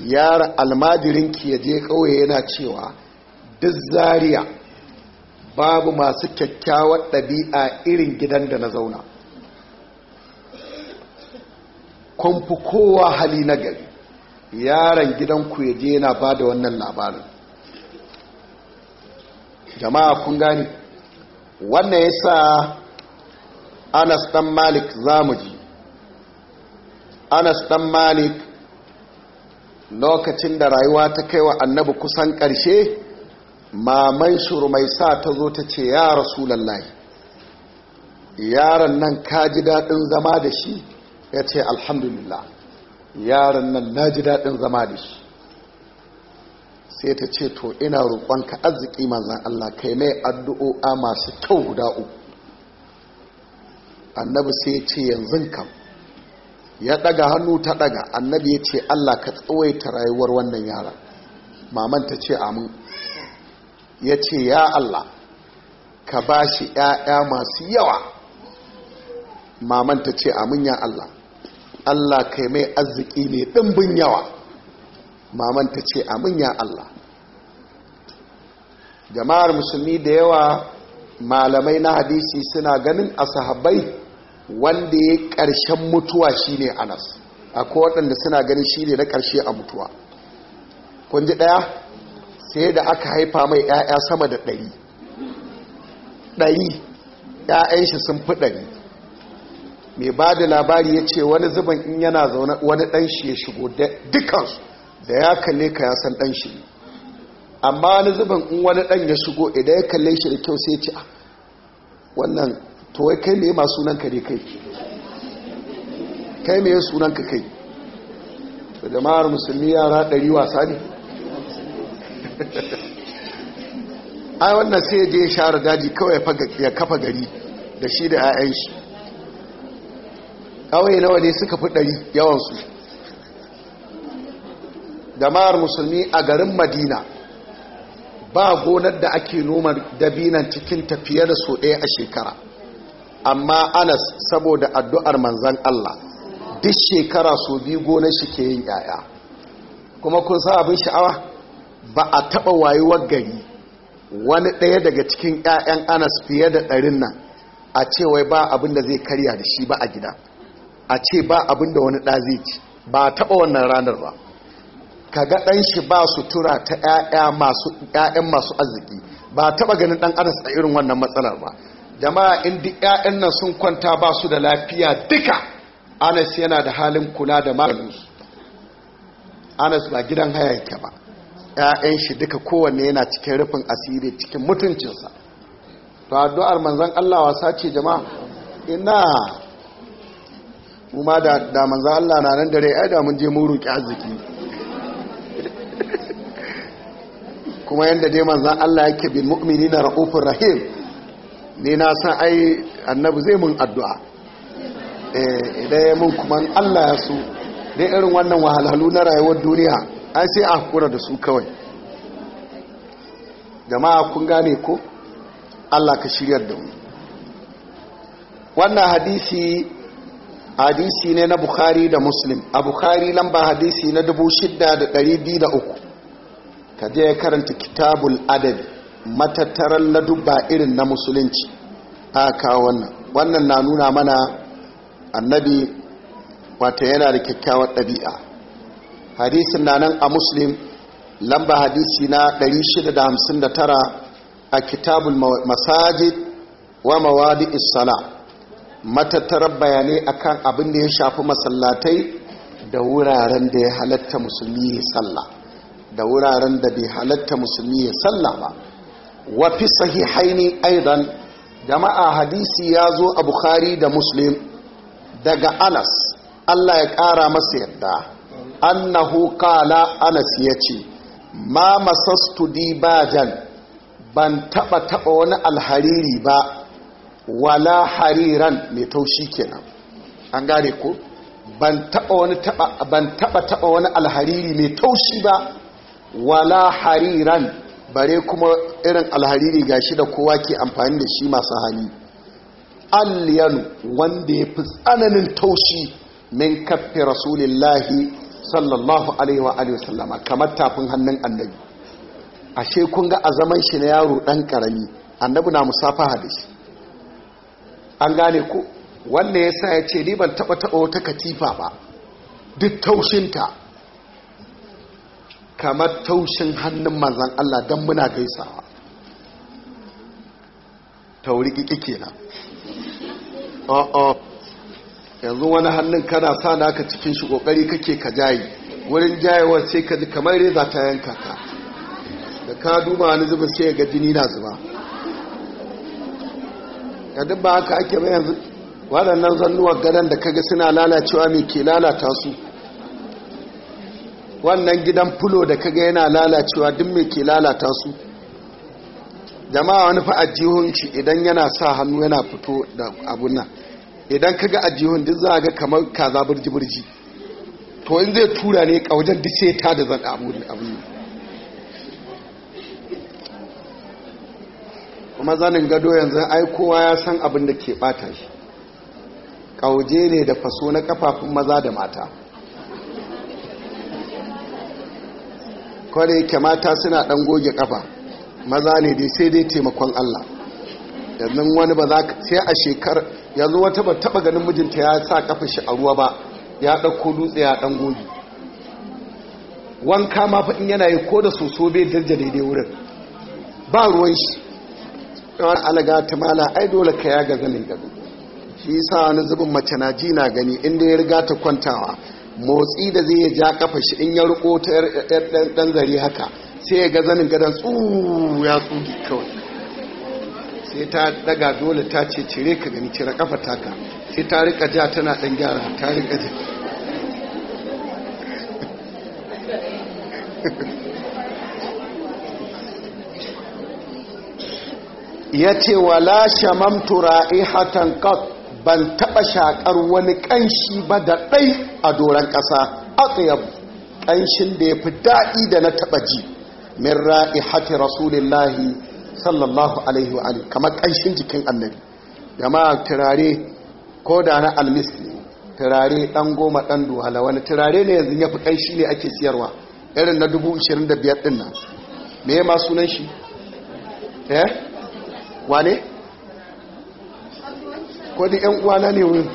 yara almajirinki ya je ƙauye yana cewa duk zariya babu masu kyakkyawar ɗabi'a irin gidan da na zauna kwamfi kowa hali na gari yaran gidanku ya je yana ba da wannan labarin jama'a kun gani wannan ya sa anas dan malik zamuji anas dan malik lokacin da rayuwa ta kai wa annabi kusan ƙarshe maman sa ta zo ta ce ya rasulallahi yaron nan ka ji daɗin zama da shi ya ce alhamdulillah yaron nan na ji daɗin zama da shi sai ta ce to ina roƙonka arziki manzan Allah kai mai addu'o'a masu kyau guda uku annabi sai ce yanzu kam ya daga hannu ta daga annabi ya ce allah ka tsawaita rayuwar wannan yara maman ta ce amin ya ce ya allah ka ba shi ‘ya'ya masu yawa maman ta ce amin ya allah allah kai mai arziki ne ɗimbin yawa maman ta ce amin ya allah jama'ar musulmi da yawa malamai na hadisi suna ganin a sahabbai wanda ya karshen mutuwa shine anas akwai waɗanda suna ganin shine na ƙarshe a mutuwa kunji ji ɗaya sai da aka haifa mai 'ya'ya sama da ɗari ɗari 'ya'yan shi sun fi ɗari mai ba da labari ya ce wani zuban in yana zaune wani ɗan shi ya shigo dukansu da ya kalle ka ya san ɗan shi amma wani zuban in wani dan ya shigo idan ya kalle shi da kyau sai ce ah, wannan to wai kai masu nan ka ne kai kai me sunanka kai da jama'ar musulmi yara ɗari wasa ne A wannan sai je ya share daji kawai ya kafa gari da shi da 'ya'yan shi kawai nawa ne suka fi ɗari yawansu jama'ar musulmi a garin madina ba gonar da ake noma dabinan cikin tafiye da so ɗaya a shekara amma anas saboda addu'ar manzan allah duk shekara so biyu gonar shi ke yin yaya kuma kun sa abin sha'awa ba a taɓa wayuwar gari wani ɗaya daga cikin 'ya'yan anas fiye da ɗarin nan a ce wai ba abin da zai karya da shi ba a gida a ce ba abin da wani ɗa zai ci ba a taɓa wannan ranar ba ka ga ɗan shi ba tura ta 'ya'yan masu arziki ba a taɓa ganin ɗan anas a irin wannan matsalar ba jama'a in duk ƴaƴan nan sun kwanta ba su da lafiya duka anas yana da halin kula da maganinsu anas ba gidan haya yake ba ƴaƴan shi duka kowanne yana cikin rufin asiri cikin mutuncinsa to addu'ar manzon Allah wasa ce jama'a ina kuma da da manzon Allah na nan dare ai da mun je mu roki arziki kuma yanda dai manzon Allah yake bil mu'minina raufur rahim ni na san ai annabi zai mun addu'a eh, idan ya mun kuma allah ya so dai irin wannan wahalhalu na rayuwar duniya an sai a kura da su kawai jama'a kun gane ko allah ka shiryar da mu wannan hadisi hadisi ne na bukhari da muslim a bukhari lamba hadisi na 6,203 ka je karanta kitabul adabi matattaran ladubba irin na musulunci a kawo wannan wannan na nuna mana annabi wata yana da kyakkyawar ɗabi'a hadisin na nan a muslim lamba hadisi na 659 a kitabul masajid wa mawadi isala matattarar bayanai akan abin da ya shafi masallatai da wuraren da ya halatta musulmi ya salla da wuraren da bai halatta musulmi ya salla ba wa fi sahihaini aidan jama'a hadisi ya zo a bukhari da muslim daga anas allah ya ƙara masa yadda annahu kala anas ya ce ma masastu dibajan ban taɓa taɓa wani alhariri ba wala hariran mai taushi kenan an gane ko ban taɓa taɓa wani alhariri mai taushi ba wala hariran bare kuma irin alhariri ga shi da kowa ke amfani da shi masu hali aliyanu wanda ya fi tsananin taushi min kaffi rasulillahi sallallahu alaihi wa sallama kamar tafin hannun annabi ashe kun ga a zaman shi na yaro dan karami annabi na musafaha dashi, shi an gane ku. wanda yasa ya ce ni ban taba taba wata katifa ba duk taushinta kamar taushin hannun manzan Allah don muna gaisawa tauri ƙiƙi kenan oh, oh yanzu wani hannun kana sa naka cikin shi ƙoƙari kake ka jayi wurin jayewar sai ka ji kamar reza ta yanka ka da ka duba wani zuba sai ga jini na zuba ya duk haka ake ba yanzu waɗannan zannuwar gadon da ka ga suna lalacewa mai ke lalata su wannan gidan fulo da kaga yana lalacewa duk mai ke lalata su jama'a wani fa ajihun shi idan yana sa hannu yana fito da abun nan idan kaga ajihun duk za ga kamar kaza burji burji to in zai tura ne kaujen duk sai ta da zan abun abun kuma zanin gado yanzu ai kowa ya san abin da ke bata shi kauje ne da faso na kafafun maza da mata kwarai yake mata suna dan goge kafa maza ne dai sai dai taimakon Allah yanzu wani ba za ka sai a shekar yanzu wata ba taba ganin mijinta ya sa kafa shi a ruwa ba ya dauko dutse ya dan goge wanka ma fa in yana yi ko da soso bai darja daidai wurin ba ruwan shi yawan alaga ta mala ai dole ka ya ga zanin gado shi yasa wani zubin mace na ji na gani inda ya riga ta kwantawa motsi da zai ja kafa shi in ya riko ta ɗan zari haka sai ya ga zanin gadon tsuu ya tsugi kawai sai ta daga dole ta ce cire ka gani cire kafa taka sai ta rika ja tana ɗan gyara ta rika ja ya ce wala tura'i hatan qat ban taɓa shakar wani ƙanshi ba da dai a doron ƙasa atsayab ƙanshin da ya fi daɗi da na taɓa ji min ra'i hati rasulillahi sallallahu alaihi wa'ali kamar ƙanshin jikin annabi gama turare ko da na almisli turare ɗan goma ɗan duhala wani turare ne yanzu ya fi ƙanshi ne ake siyarwa irin na 25,000 din nan me ma sunan shi eh wane ko da yan uwana ne wurin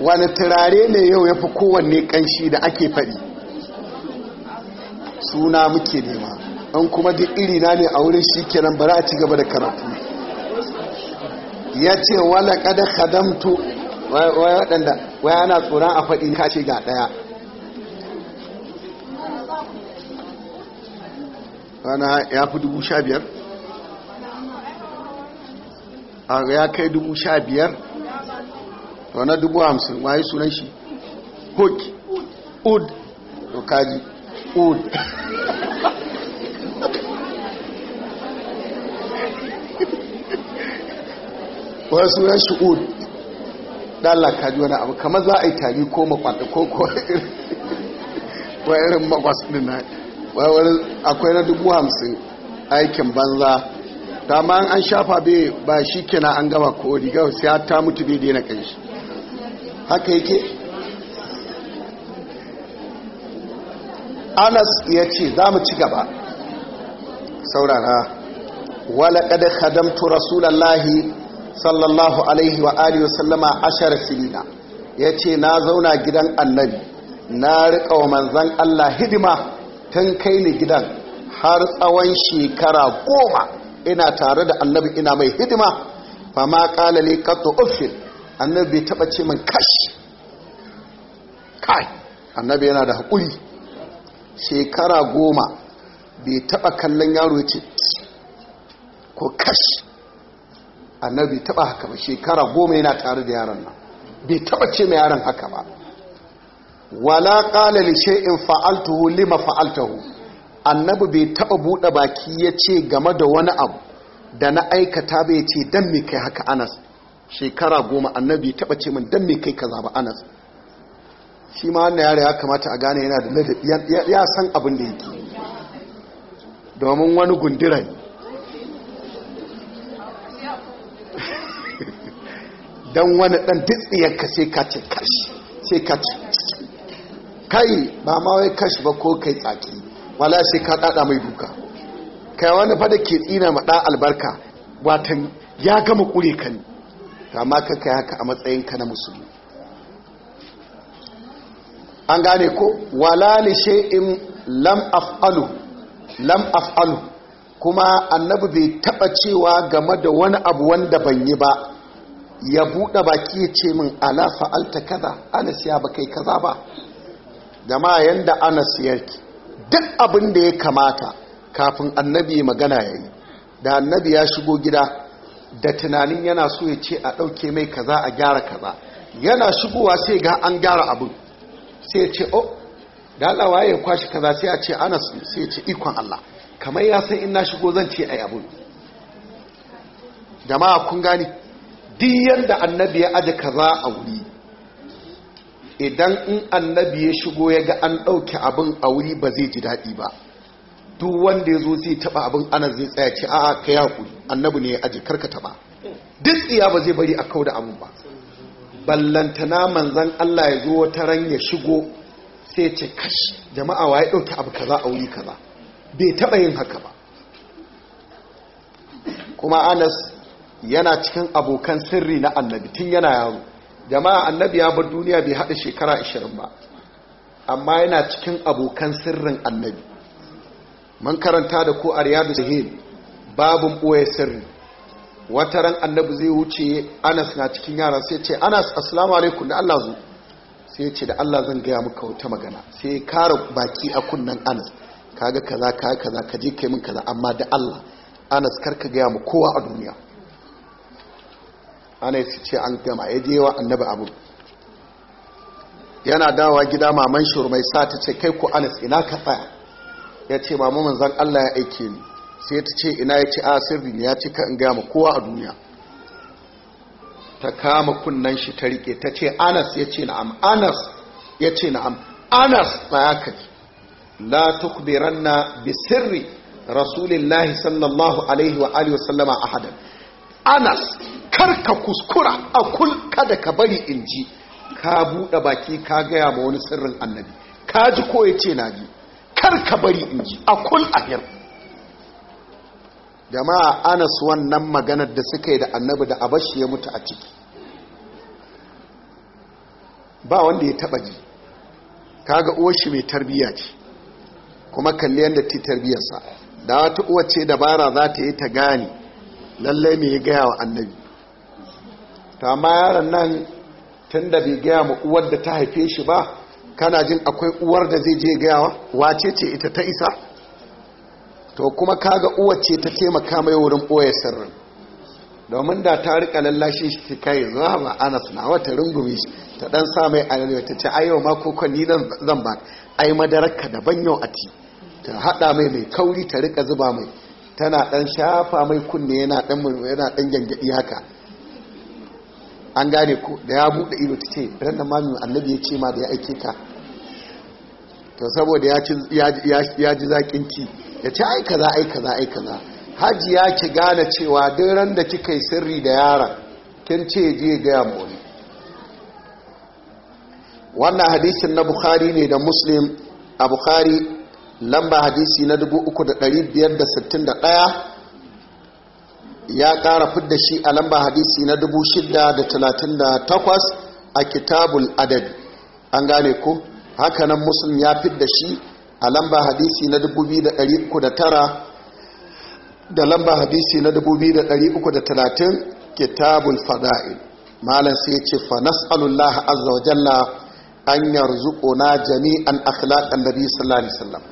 wani turare ne yau ya fi kowanne kanshi da ake faɗi suna muke nema an kuma duk irina ne a wurin shi kenan bari a ci gaba da karatu ya ce wala kada kadamtu waya waɗanda waya na tsoron a faɗi ka ga ɗaya rana ya fi dubu sha biyar a ya kai dubu sha biyar rana dubu hamsin waye sunan shi hook ud to kaji ud wani sunan shi ud dan kaji wani abu kama za a yi tari ko makwaɗa ko ko irin makwas ɗin na akwai na dubu hamsin aikin banza ta ma an shafa bai ba shi kina an gama ko riga sai ta mutu bai daina kan shi haka yake anas ya ce za mu ci gaba saurara wala kada khadamtu rasulallahi sallallahu alaihi wa alihi wa sallama ashar sinina ya ce na zauna gidan annabi na riƙa wa manzan allah hidima tun kai ni gidan har tsawon shekara goma ina tare da annabi ina mai hidima ba ma kala ne kato ofin annabi bai taba ce min kashi kai annabi yana da haƙuri shekara goma bai taba kallon yaro ce ko kashi annabi taba haka ba shekara goma yana tare da yaron nan bai taba ce mai yaron haka ba wala qala li shay'in fa'altuhu lima fa’altuhu annabi bai taba bude baki yace game da wani abu da na aikata bai ce dan me kai haka Anas shekara goma annabi taba ce min dan me kai kaza ba Anas shi ma wannan yare ya kamata a gane yana da ladabi ya san abin da yake domin wani gundirai dan wani dan ditsiyar ka sai ka ce kashi sai ka ce kai ba ma wai kashi ba ko kai tsaki wala sai ka dada mai duka kai wani fa ke tsina ma da albarka watan ya gama ƙure ka ne amma ka kai haka a matsayin ka na musulmi an gane ko wala li shay'in lam af'alu lam af'alu kuma annabi bai taba cewa game da wani abu wanda ban yi ba ya buɗe baki ya ce min ala fa'alta kaza ana ya ba kai kaza ba jama'a yanda anas yake duk abin da ya kamata kafin annabi magana ya yi da annabi ya shigo gida da tunanin yana so ya ce a ɗauke mai kaza a gyara kaza yana shigowa sai ga an gyara abin sai ya ce oh da alawa ya kwashi kaza sai ya ce anas sai ya ce ikon Allah kamar ya san in na shigo zan ce ai abin jama'a kun gani duk yanda annabi ya aje kaza a wuri idan in annabi ya shigo ya ga an ɗauke abin a wuri ba zai ji daɗi ba duk wanda ya zo zai taɓa abin ana zai tsaya ce a'a ka ya ku annabi ne ya aji karka taɓa duk tsiya ba zai bari a kau da abu ba ballantana manzan Allah ya zo wata ran ya shigo sai ce kash jama'a wa ya ɗauki abu kaza a wuri kaza bai taɓa yin haka ba kuma anas yana cikin abokan sirri na annabi tun yana yaro jama'a annabi ya bar duniya bai haɗa shekara 20 ba amma yana cikin abokan sirrin annabi man karanta da ko a riyadu babin ɓoye sirri wata ran annabi zai wuce anas na cikin yara sai ce anas assalamu alaikum da allah zo sai ce da allah zan gaya muka wata magana sai kara baki a kunnen anas kaga kaza kaga kaza kaje kai min kaza amma da allah anas karka gaya mu kowa a duniya ana yi ce an gama ya je wa annabi abu yana dawa gida maman shurmai sa ta ce kai ku anas ina ka tsaya ya ce mamu zan allah ya aike ni sai ta ce ina ya ce a ah, sirri ne ya ce ka in gama kowa a duniya ta kama kunnan shi ta rike ta ce anas ya ce na'am anas ya ce na'am anas tsaya ka ji la na bi sirri rasulillahi sallallahu alaihi wa alihi wa sallama hadar anas karka kuskura a kul kada ka bari in ji ka buɗe baki ka gaya ma wani sirrin annabi ka ji ko ya ce na ji karka bari in ji a kul jama'a anas wannan maganar da suka yi da annabi da abashi ya mutu a ciki ba wanda ya taba ji kaga uwarshi mai tarbiyya ce kuma kalli yadda ta tarbiyyarsa da wata uwa ce dabara za ta yi ta gane lallai mai ya gaya wa annabi to amma yaron nan tun da bai gaya ma uwar da ta haife shi ba kana jin akwai uwar da zai je gaya wace ce ita ta isa to kuma kaga uwar ce ta taimaka mai wurin ɓoye sirrin domin da ta rika lallashin shi ta kai zuwa ba anas na wata rungume ta dan sa mai arewa ta ce ayo ma koko ni zan ba ai madararka ban yau a ti ta haɗa mai mai kauri ta rika zuba mai tana dan shafa mai kunne yana dan yana dan haka an gane ko da ya buɗe ido ta ce ran da mamin annabi ya ce ma da ya aike ka to saboda ya ji zaƙin ki ya ce ai kaza ai kaza ai kaza haji ya ki gane cewa duk ran da kika yi sirri da yaron kin ce je gaya mori wannan hadisin na bukhari ne da muslim a bukhari lamba hadisi na 3561 ya ƙara fidda shi a lamba hadisi na 638 a kitabul adad an gane ko hakanan muslim ya fidda shi a lamba hadisi na 2009 da lamba hadisi na 2330 kitabul fada'il malam sai ya ce fa nas'alullah azza wa jalla an na jami'an akhlaqan nabi sallallahu alaihi wasallam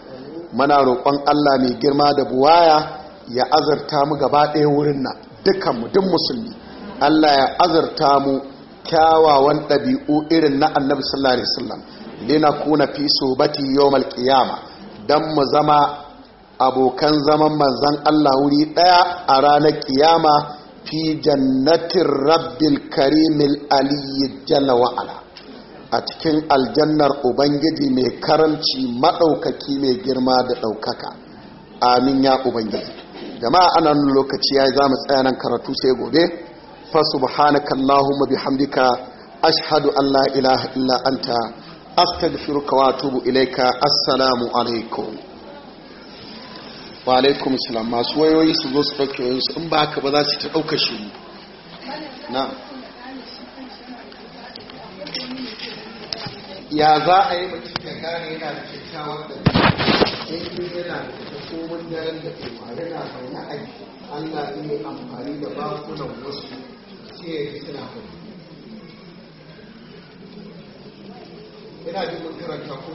muna roƙon Allah mai girma da buwaya ya azarta mu gaba ɗaya wurin nan dukkan mu duk musulmi Allah ya azarta mu kyawawan ɗabi'u irin na annabi sallallahu alaihi wasallam lina kuna fi sobati yawmal qiyama dan mu zama abokan zaman manzan Allah wuri ɗaya a ranar kiyama fi jannatin rabbil karimil aliyu jalla wa'ala a cikin aljannar ubangiji mai karanci maɗaukaki mai girma da ɗaukaka amin ya ubangiji jama'a ana nuna lokaci ya za mu tsaya nan karatu sai gobe fa subhanaka allahumma bihamdika ashhadu an la ilaha illa anta astaghfiruka wa atubu ilaika assalamu alaikum wa alaikum salam masu wayoyi su zo su dauke wayoyi in ba haka ba za su ta dauka shi na ya za a yi mutum ya gane yana da kyakkyawar da yake yana da komin daren da ke yana fauna a amfani da bakunan wasu sai suna fauna. Yana jin mun karanta ko